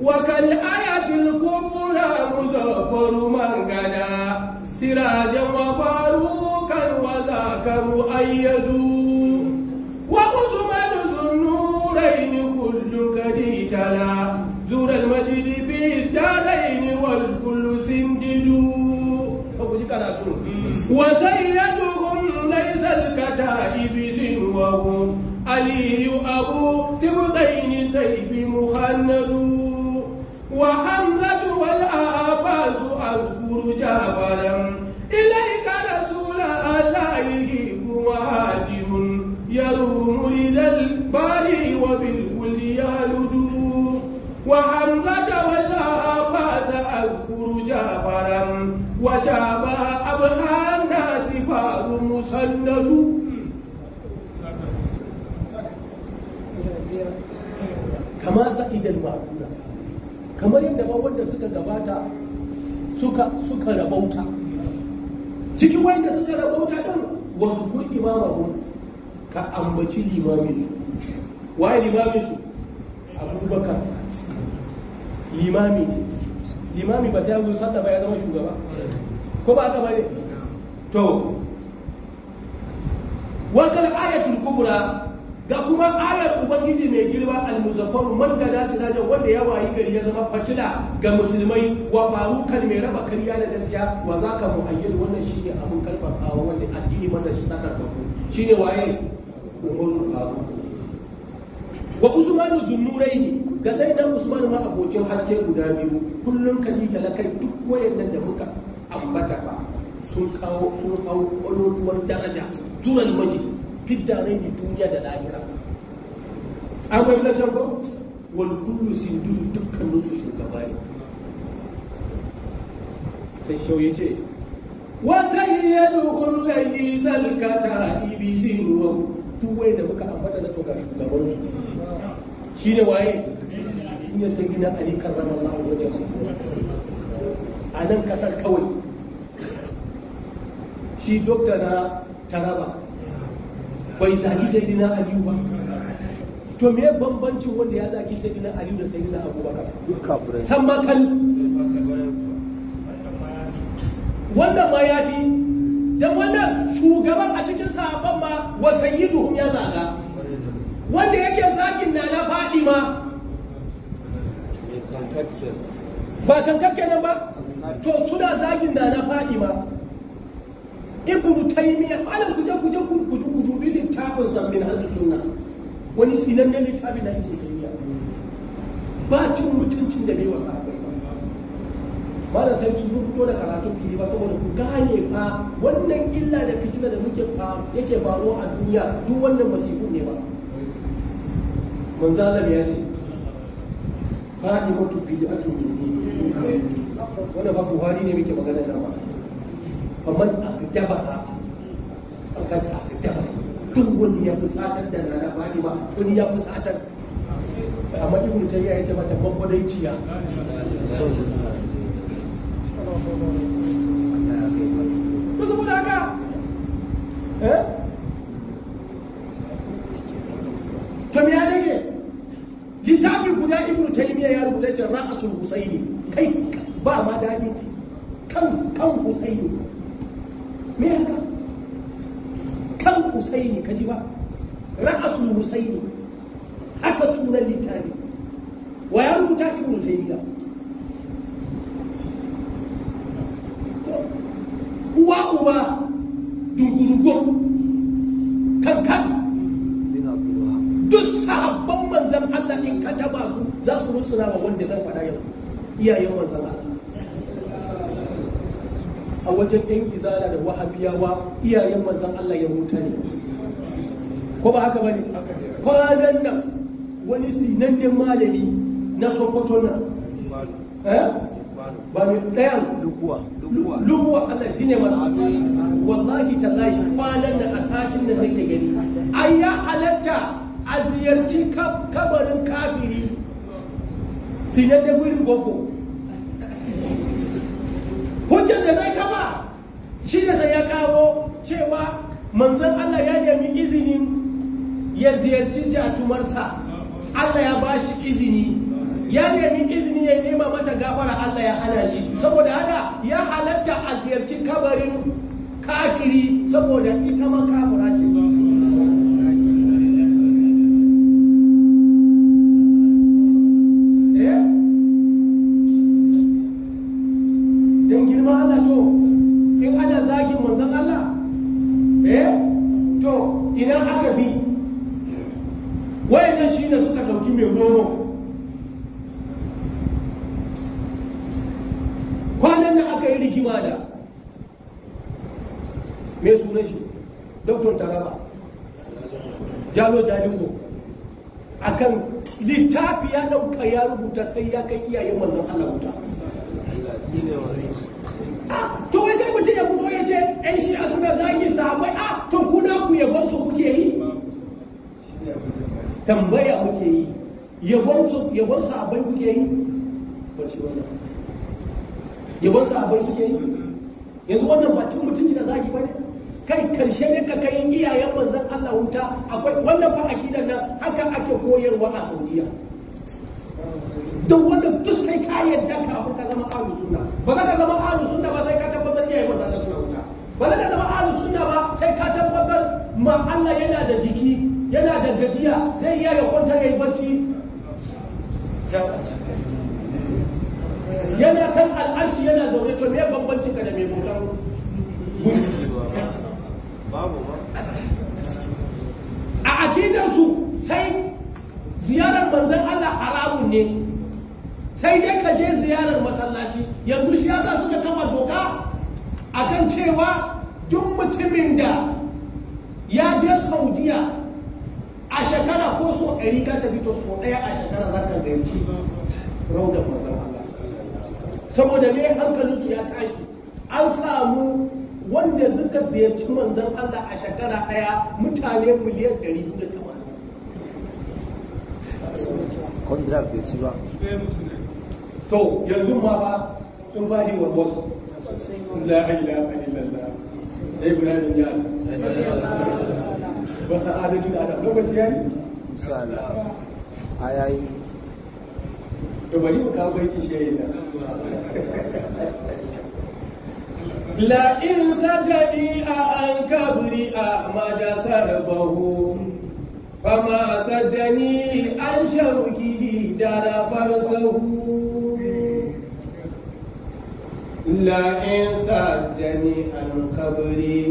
وكالآية الكبرى مزفر منقنا سراجا وباروكا وذاك مؤيد وقسم الدارين والكل سندج وسيدهم ليس الكتائب وهم علي أبو سبطين سيف مخند وحمزة والآباس أذكر جابرا شابا أبهى الناس فار مسند kama sa'idal ma'duna kamar yadda ba wanda suka gabata suka suka rabauta cikin wanda suka rabauta din wa zukur imamahum ka ambaci limamin su waye limamin su abubakar limami ne limami ba sai ya zo ba ya zama shugaba ko ba aka bane to kal ayatul kubra ga kuma ayar ubangiji mai girma al muzaffar man wanda ya wayi gari ya zama fatila ga musulmai wa farukan mai raba kariya da gaskiya wa zaka muhayyir wannan shine abun karfafawa wanda addini wanda shi zaka tafi shine waye umar faruk wa usman zunnurain ga sai dan usman ma abokin haske guda biyu kullun kaji talakai duk wayannan da muka ambata ba sun kawo sun kawo ƙwaƙwalwar daraja turan maji fidda raini duniya da lahira Akwai wani zaton ba wani kullu sun dudu dukkaninsu shugaba ne sai shau ya ce layi laysa a ibi sirruhum ruwan wai da muka ambata da ga shugaban su ne waye shine sai gina ali karramallahu wajhahu a nan kasar kawai shi dokta na taraba bai zagi sai dina aliyu ba to me bambancin wanda ya zagi sai dina aliyu da sai dina abubakar duk san makal wannan ma ya bi dan wannan shugaban a cikin sahabban ma wa sayyiduhum ya zaga wanda yake zagin na na ma ba kankakke nan ba to suna zagin da na faɗi ibnu taymiya malam ku je ku je ku ku dubi littafin san min hajji sunna wani sinan da littafin da yake sayiya ba cin mutuncin da bai wasa ba malam sai ku fito da karatu fili ba saboda ku gane fa wannan illa da fitina da muke fa yake faruwa a duniya duk wannan masifu ne ba manzalar ya ce mutu bi'atu min dini wannan ba buhari ne muke magana na ba faman a fakat akdaba duk wani ya fusatar da nana bani ma wani ya fusatar amma ibnu tayyiba ya ce mata mabadaiciya saboda haka eh to me ya dage littafi guda ibnu taymiya ya rubuta ta ra'asul husaini kai ba ma daɗin ci kan kan ne me haka kan husaini ka ji ba ra'asul husaini haka sunan littafi wa ya rubuta ibnu taymiya uwa uba dungurungo kankan duk sahabban manzan Allah in ka taba su za su rusuna wa wanda zan faɗa yanzu iyayen manzan Allah a wajen ɗin izala da wahabiyawa iyayen manzan Allah ya wuta ne ko ba haka bane kwanan nan wani sinannen malami na sokoto nan eh? ba mai ɗayan lukuwa lukuwa Allah ne masu wallahi tallahi kwanan na a satin da nake gani a ya halatta a ziyarci kabarin kafiri sinannen gurin gogo hujjar da zai kama shi da sai ya kawo cewa manzon Allah ya nemi izinin ya ziyarci jatumarsa Allah ya ba shi izini ya nemi izini ya nema mata gafara Allah ya hana shi saboda haka ya halatta a ziyarci kabarin kafiri saboda ita makabura ce wuta sai ya kai iyayen manzon Allah wuta ah, to wai sai mutum ya fito ya ce shi a suna zaki sahabai a ah, to kuna ku yabon su kuke yi tambaya kuke yi yabon su yabon sahabai kuke yi yabon sahabai suke yi yanzu wannan ba cin mutunci da zaki ba ne kai karshe ne ka kai iyayen manzon Allah wuta akwai wannan fa akidan nan haka ake koyarwa a Saudiya da wanda duk sai ka yadda kafin ka zama ahlus sunna ba za ka zama ahlus sunna ba sai ka tabbatar iyaye wanda Allah suna wuta ba za ka zama ahlus sunna ba sai ka tabbatar ma Allah yana da jiki yana da gajiya zai iya ya kwanta yi bacci yana kan al'ashi yana zaune to me bambancin ka da mai bautar babu ba a akidarsu sai ziyarar manzon Allah haramun ne sai dai ka je ziyarar masallaci yanzu shi yasa suka kafa doka a kan cewa duk mutumin da ya je saudiya a shekara ko so ɗari ka tafi to so ɗaya a shekara za ka ziyarci raunar manzon Allah saboda me hankalinsu ya tashi an samu wanda suka ziyarci manzan Allah a shekara ɗaya mutane miliyan ɗari biyu da tamanin. Kondra bai ci ba. to yanzu ma ba sun ba ni wani wasu la ila ila ila ila ibrahim ya su ba sa adadin da adam lokaci ya yi insha Allah a yayi to bari mu kawo ci shi yayin la in zadadi a an kabri a ma da sarabahu fama saddani an sharuki da rafar sahu illa in sajjani alkabri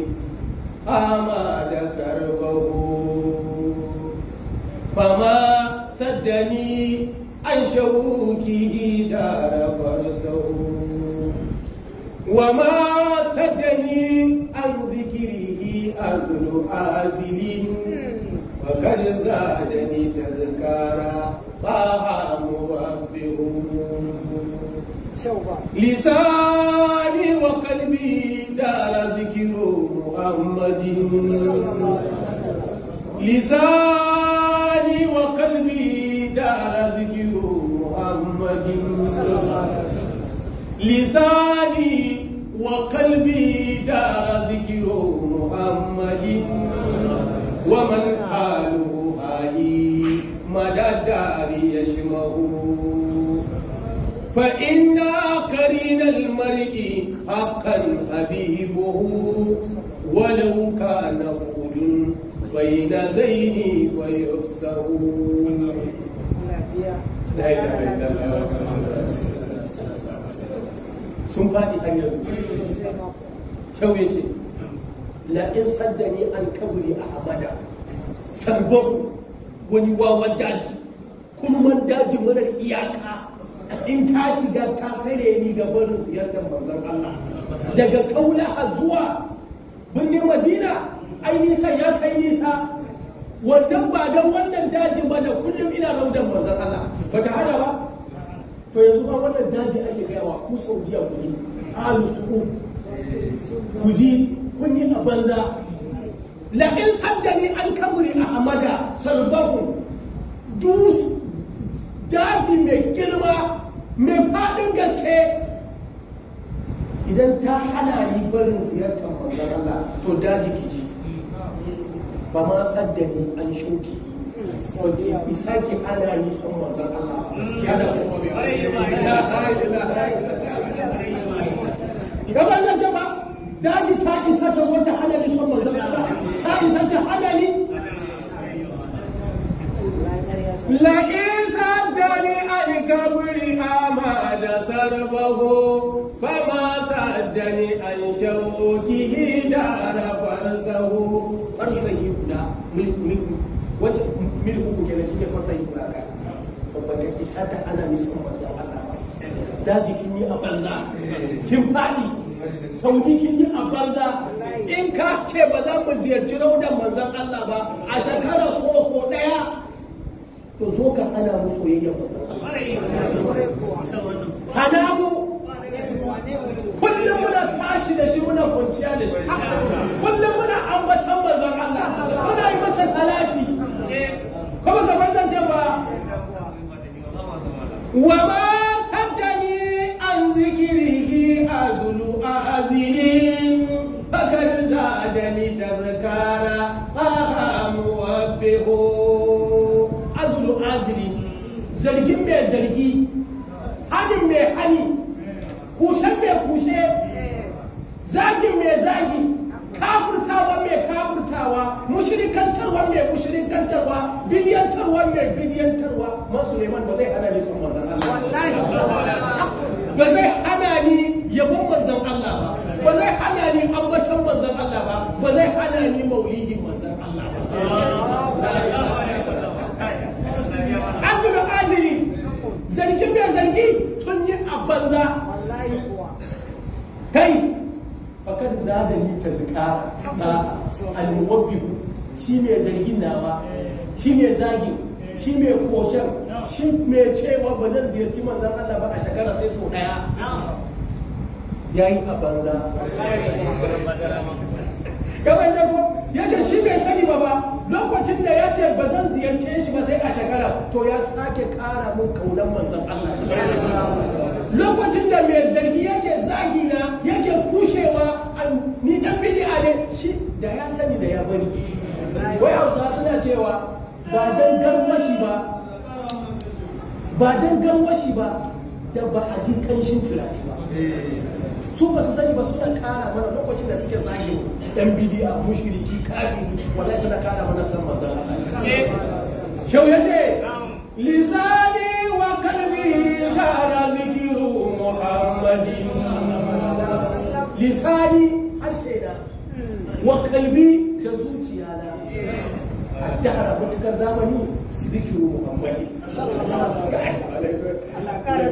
ama da sarbahu fama saddani an shawukihi dara farsahu wama saddani an zikirihi aslu azilin wa kan zadani tazkara طه لساني وقلبي دار ذكر محمد لساني وقلبي دار ذكر محمد لساني وقلبي دار ذكر محمد ومن فإن قرين المرء حقا حبيبه ولو كان بود بين زيني ويبصر لا إله إلا الله sun faɗi har yanzu shau ya ce la'in saddani an kaburi a abada sarbon wani wawan daji kurman daji marar iyaka in ta shiga ta sare ni ga barin ziyartar manzon Allah daga kaula zuwa birnin Madina ai nisa ya kai nisa wannan ba don wannan dajin ba da kullum ina raudan manzon Allah ba ta hada ba to yanzu ba wannan daji ake gaiwa ku Saudiya ku ji ahlu su'u ku ji kun yi a banza la in saddani an kamuri ahmada salbabu dusu daji mai girma mai faɗin gaske idan ta hana ni barin ziyartar manzon Allah to daji ki ji ba ma sadda ni an shoki so ki isaki ana ni son manzon Allah ya da gaba ba daji ta isa ta zo ta hana ni son manzon Allah ta isa ta hana ni ضربه فما سجني أن شوكه دار فرسه فرسه يبنى ملك mil uku ملك shi شيء fasa يبنى ba ka ana mai son manzan daji a banza sauni kin yi a banza in ka ce ba za mu ziyarci raudan manzan Allah ba a shekara so so ɗaya to zo ana mu soyayyar manzan hanamu kullum muna tashi da shi muna kwanciya da shi kullum muna ambatan manzon Allah muna yi masa salati ko ba gaban zance ba wa ma saddani an zikirihi azulu a azinin fakad zadani tazkara aha muwabbihu azulu azini zargin mai zargi hanin mai hani kushe mai kushe zagin mai zagi kafurtawa mai kafurtawa mushrikantarwa mai mushrikantarwa biliyantarwa mai biliyantarwa man suleiman ba zai hana ni son manzon Allah ba zai hana ni yabon manzon Allah ba ba zai hana ni ambaton manzon Allah ba ba zai hana ni maulidin manzon Allah ba zargi mai zargi tun yi a banza kai fakar zadali ta zikara ta alwabi shi mai zargin nawa shi mai zagi shi mai koshen shi mai cewa ba zan ziyarci manzan Allah ba a shekara sai so daya ya yi a banza kamar da ya ce shi bai sani ba ba lokacin da ya ce ba zan ziyarce shi ba sai a shekara to ya sake kara mun kaunan manzon Allah lokacin da mai zargi yake zagi na yake kushewa ni dan bidi ne shi da ya sani da ya bari wai hausa suna cewa ba dan garwashi ba ba dan garwashi ba da ba a ji kanshin tunani ba su ba su sani ba suna kara mana lokacin da suke zage dan a mushriki kafi wallahi suna kara mana san manzon Allah kyau yace lisani wa kalbi kana zikiru muhammadin lisani harshe da wa kalbi da zuciya da A الدهر كنت كذابني سبكي محمد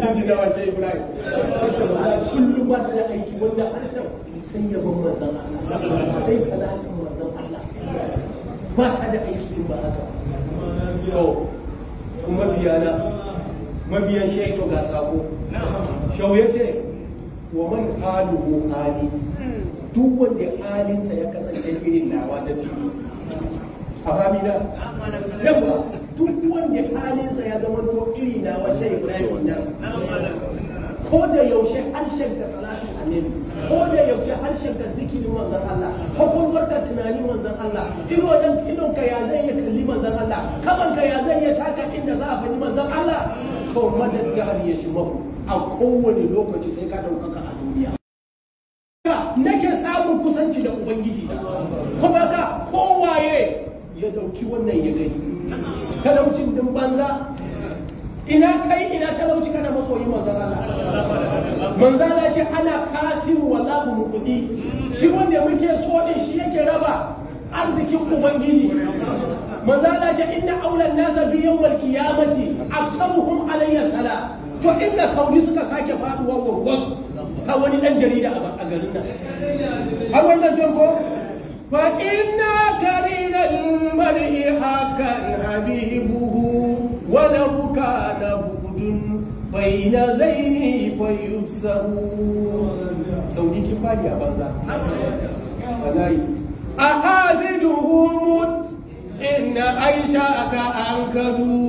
jiji da wace Ibrahim wacce ba za kullum ba da aiki wanda harshen sai yabon manzan Allah sai salatin manzan Allah ba ta da aiki in ba haka to mabiyana mabiyan shaito ga sako shau ya ce wa man haluhu hali duk wanda halinsa ya kasance irin nawa da tudu harami na duk wanda halinsa ya zama to iri na wa shay ibrahim nas ko da yaushe harshen ka salatin annabi ko da yaushe harshen ka zikirin manzon Allah kwakwalwar ka tunanin manzon Allah ido dan idon ka ya zai ya kalli manzon Allah kaman ka ya zai ya taka inda za a fadi manzon Allah to madadar ya shi mabu a kowane lokaci sai ka ɗaukaka a duniya nake samun kusanci da ubangiji na kuma ka kowaye ya dauki wannan ya gani talaucin din banza ina kai ina talauci kana masoyi manzan Allah manzan ce ana kasimu wallahu muqdi shi wanda muke so din shi yake raba arzikin ubangiji manzan ce inna aulan nasa bi yawmal qiyamati aksaruhum alayya sala to inda saudi suka sake faduwa gurgursu ka wani dan jarida a garin nan a wannan jango فإن كريم المرء حقا حبيبه ولو كان بود بين زين فيبسه سودي كفاية بنزا والله أحاسده مت إن عيشك أنكد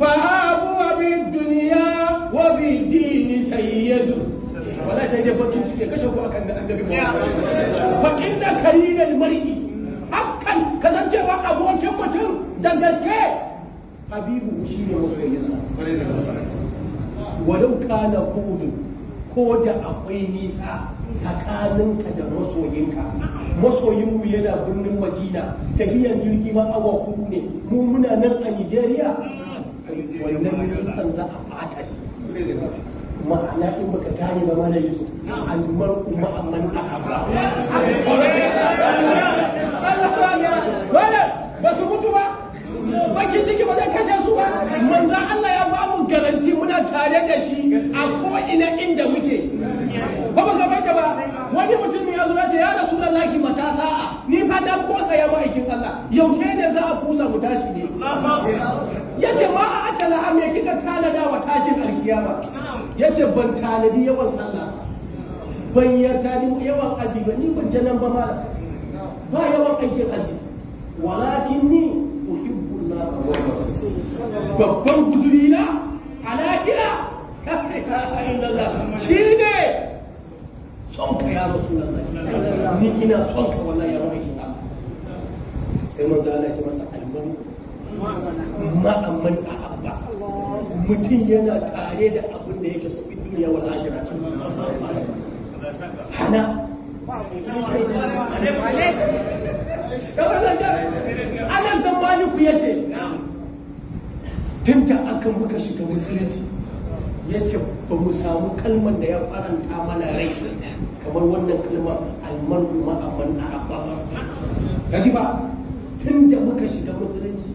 فهابوا بالدنيا وبالدين سيده wala sai dai bakin cike kashe ku akan annabi fa inna ne mar'i hakan kasancewa abokin mutum da gaske habibu shine masoyinsa walau kana kudu ko da akwai nisa tsakaninka da masoyinka masoyinmu yana birnin madina tafiyan jirgi ma awa kudu ne mu muna nan a nigeria wannan nisan za a fata shi ma'ana in baka gane ba mana yusu almar kuma amman a ba su mutu ba bakin ciki ba zai kashe su ba manzan Allah ya ba garanti muna tare da shi a ko ina inda muke ba ba gaba ba wani mutum ya zo ya ce ya laki mata sa'a ni ba na kosa ya ma'aikin Allah ke ne za a kusa mu tashi ne ya ce ma a atala me kika tanada wa tashin alkiyama ya ce ban tanadi yawan sallah ban ya tanadi yawan aji ba ni ban janan ba mala ba yawan aikin aji walakin ni Allah babban kudurina a lahira shi ne Sonka ya rasu nan ni ina sonka ka wannan ya mafi na sai manzo Allah ya ce masa almaru ma'amman a abba mutum yana tare da abin da yake so fi duniya wal akhirah hana Alan dan Maliku ya ce, tun da aka muka shiga musulunci ya ce ba mu samu kalmar da ya faranta mana rai kamar wannan kalmar almar kuma a manna a ba ji ba tun da muka shiga musulunci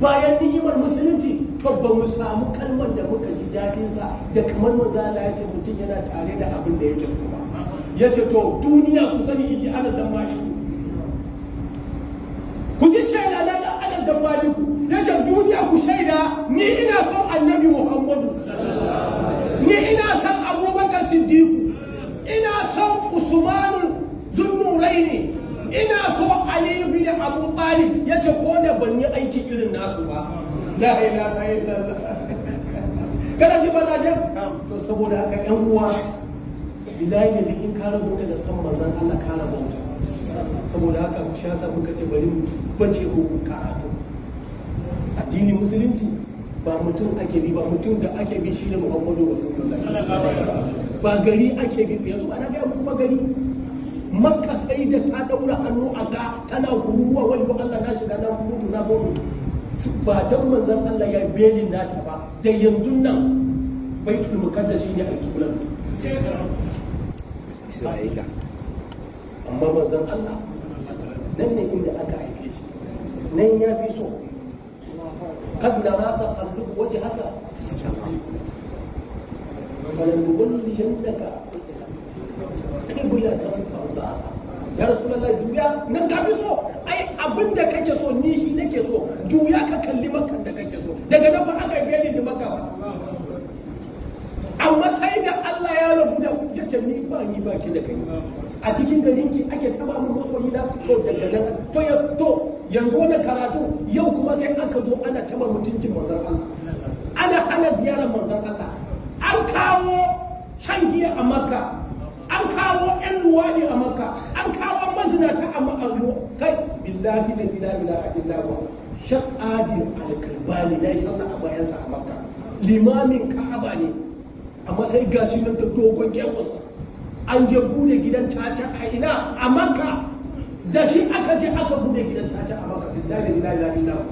bayan ni'imar musulunci to ba mu samu kalmar da muka ji sa da kamar mazala ya ce mutum yana tare da abin da yake so ba ya ce to duniya ku sani in ji ana dan ku ji shaida na ana dan na duniya ku shaida ni ina son annabi muhammadu ni ina son abubakar siddiqu ina son usmanu zunnuraini ina so aliyu bin abu talib ya ce ko da ban yi aiki irin nasu ba la ilaha illallah kana ji mazajen to saboda haka yan uwa bilahi ne zikin kare bauta da san manzan Allah kare bauta saboda haka ku sha sa muka ce bari mu bace ku karatu addinin musulunci ba mutum ake bi ba mutum da ake bi shi ne muhammadu wasu ba gari ake bi yanzu ana na ga muku gari makka sai da ta daura hannu a ga tana guruwa wayo Allah na shiga na mutu na bodu ba dan manzon Allah ya na nata ba da yanzu nan bai shi ne a alqibla Isra'ila amma manzon Allah nan ne inda aka haife shi nan ya fi so قد نرى تقلب وجهك في السماء فلنولينك قبلة ترضاها ya rasulullah juya nan so ai abin da kake so ni shi nake so juya ka kalli makan da kake so daga nan ba aka yi belin da maka ba amma sai da Allah ya rabu da kuke ba da a cikin garin ki ake taba mu masoyi na to daga nan to ya to yanzu wannan karatu yau kuma sai aka zo ana taba mutuncin manzon Allah ana ana ziyarar manzon Allah an kawo shan giya a Makka an kawo yan luwali a Makka an kawo mazinata a Makka kai billahi la ilaha illa huwa shaqadi al-kalbani dai sallah a bayansa a Makka limamin Ka'aba ne amma sai gashi nan da dogon kyanwarsa an je bude gidan caca a ina a makka da shi aka je aka bude gidan caca a makka billahi billahi la ilaha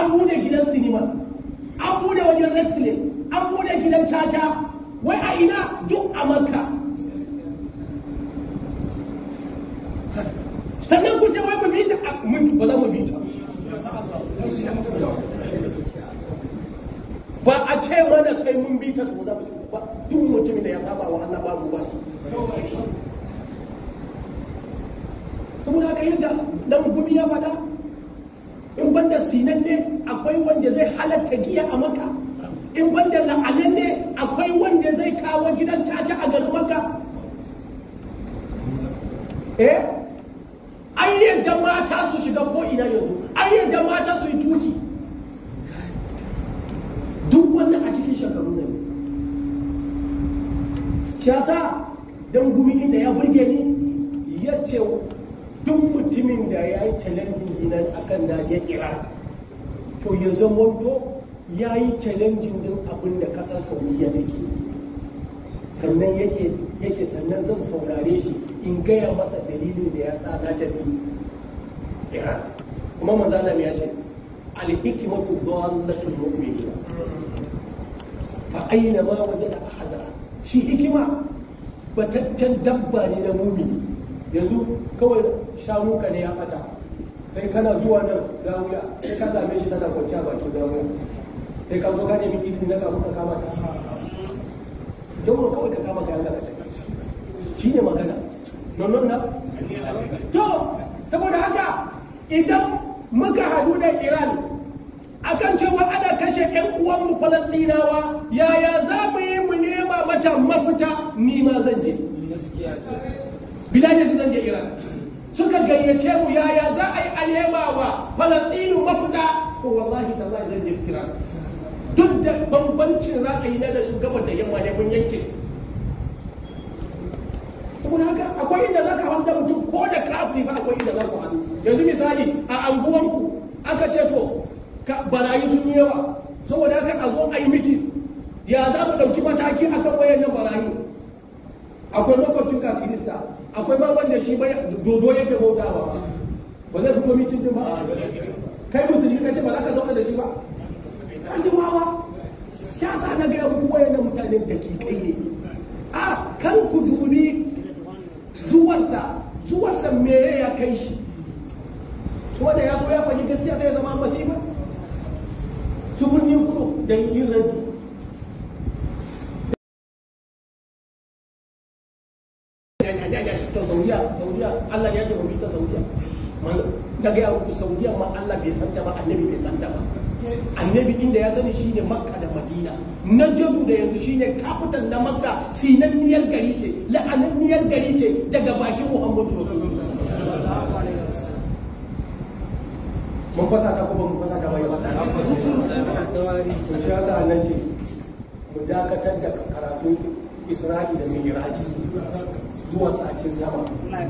an bude gidan sinima an bude wajen wrestling an bude gidan caca wai a ina duk a makka sannan ku ce wai mu bi ta ba za mu bi ta ba a ce mana sai mun bi ta ko da duk mutumin da ya saba wa Allah babu ba saboda haka yadda dan gumi ya fada in banda sinanne akwai wanda zai halatta giya a maka in banda la'ananne akwai wanda zai kawo gidan caca a garin maka eh an yadda mata su shiga ko ina yanzu an yadda mata su yi tuki duk wannan a cikin shekaru ne shi don dan gumi da ya burge ni ya ce duk mutumin da ya yi challenging dinan akan naje iran to ya zamanto ya yi challenging din abin da kasar saudiya take sannan yake sannan zan saurare shi in gaya masa dalilin da ya sa na tafi iran kuma manzalam ya ce alhikimatu dallatul mu'minin fa aina ma wajada ahadara shi hikima batattan dabba ne na mumini yanzu kawai shanu ka ne ya fata sai kana zuwa nan zawiya sai ka zame shi tana kwanciya baki zawiya sai ka zo ka nemi izini na kamu ka kama ta jauro kawai ka kama ka yanka ta shi ne magana nonon na to saboda haka idan muka hadu da iran akan cewa ana kashe 'yan uwanmu falasɗinawa yaya za mu yi mu nema mata mafita ni ma zan je bilaje zan je iran suka gayyace mu yaya za a yi a nema wa falasɗinu mafita ko wallahi tallahi zan je iran duk da bambancin ra'ayi na da su gabar da yamma ne mun yanke kuma haka akwai inda za ka hau da mutum ko da kafiri ba akwai inda za ku hannu yanzu misali a anguwanku aka ce to barayi sun yi yawa saboda haka a zo a yi mitin ya za mu ɗauki mataki a kan nan barayi akwai makwabcin ka kirista akwai ma wanda shi ba dodo yake bautawa ba zai fi mitin din ba kai musulmi kace ba za ka zauna da shi ba an ji wawa ya sa na ga muku mutane mutanen kikai ne a kan ku dubi zuwarsa zuwarsa me ya kai shi wanda ya zo ya faɗi gaskiya sai ya zama masifa tukunni kudu don yin saudiya saudiya allah ya ta saudiya daga ku saudiya ma allah bai san ba annabi bai san ba annabi inda ya sani shine makka da madina na jadu da yanzu shine capital na makka sinanniyar gari ce la'ananniyar gari ce daga bakin muhammadu rasulullah mun ta kuma mun fasa ta bai masa to shi yasa ce mu dakatar da karatun Isra'i da Mi'raji zuwa sacin sama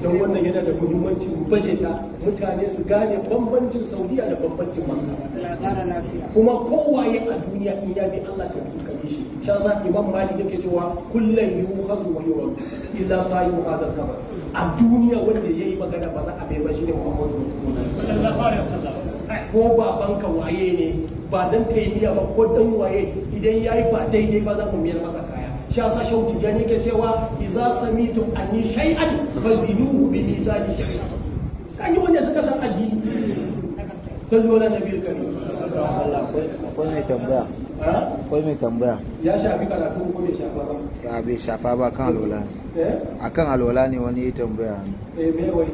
don wannan yana da muhimmanci mu bajeta mutane su gane bambancin Saudiya da bambancin Makka kuma kowaye a duniya in ya bi Allah ka bi ka shi shi yasa Imam Malik yake cewa kullun yuhazu wa yurad illa sayu hadha al a duniya wanda yayi magana ba za a bai ba shi ne Muhammadu sallallahu alaihi wasallam ko babanka waye ne ba dan taimiya ba ko dan waye idan yayi ba daidai ba za mu miyar masa kaya shi yasa shehu tijani yake cewa iza samitu anni shay'an fazinuhu bi misali shay'an kan yi wanda suka san aji sallu ala nabiyil karim akwai mai tambaya akwai mai tambaya ya shafi karatu ko bai shafa ba ba bai shafa ba kan alola ne eh? akan alola ne wani ya tambaya eh me wai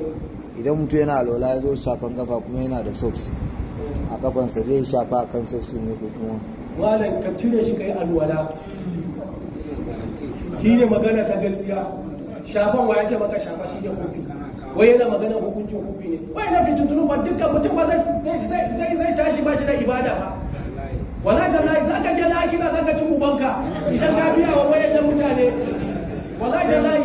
idan mutum yana lola ya zo shafan kafa kuma yana da socks a kafansa zai shafa kan socks ne ko kuma malam ka cire shi kai alwala shi ne magana ta gaskiya shafan wa ya ce maka shafa shi ne kofi wai yana magana hukuncin kofi ne wai na tunu ba dukkan mutum ba zai tashi ba shi da ibada ba wala jama'i za ka je lahira za ka ci ubanka idan ka biya wa wayannan mutane wala jama'i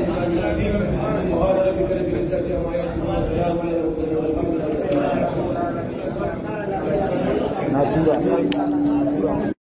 Gracias.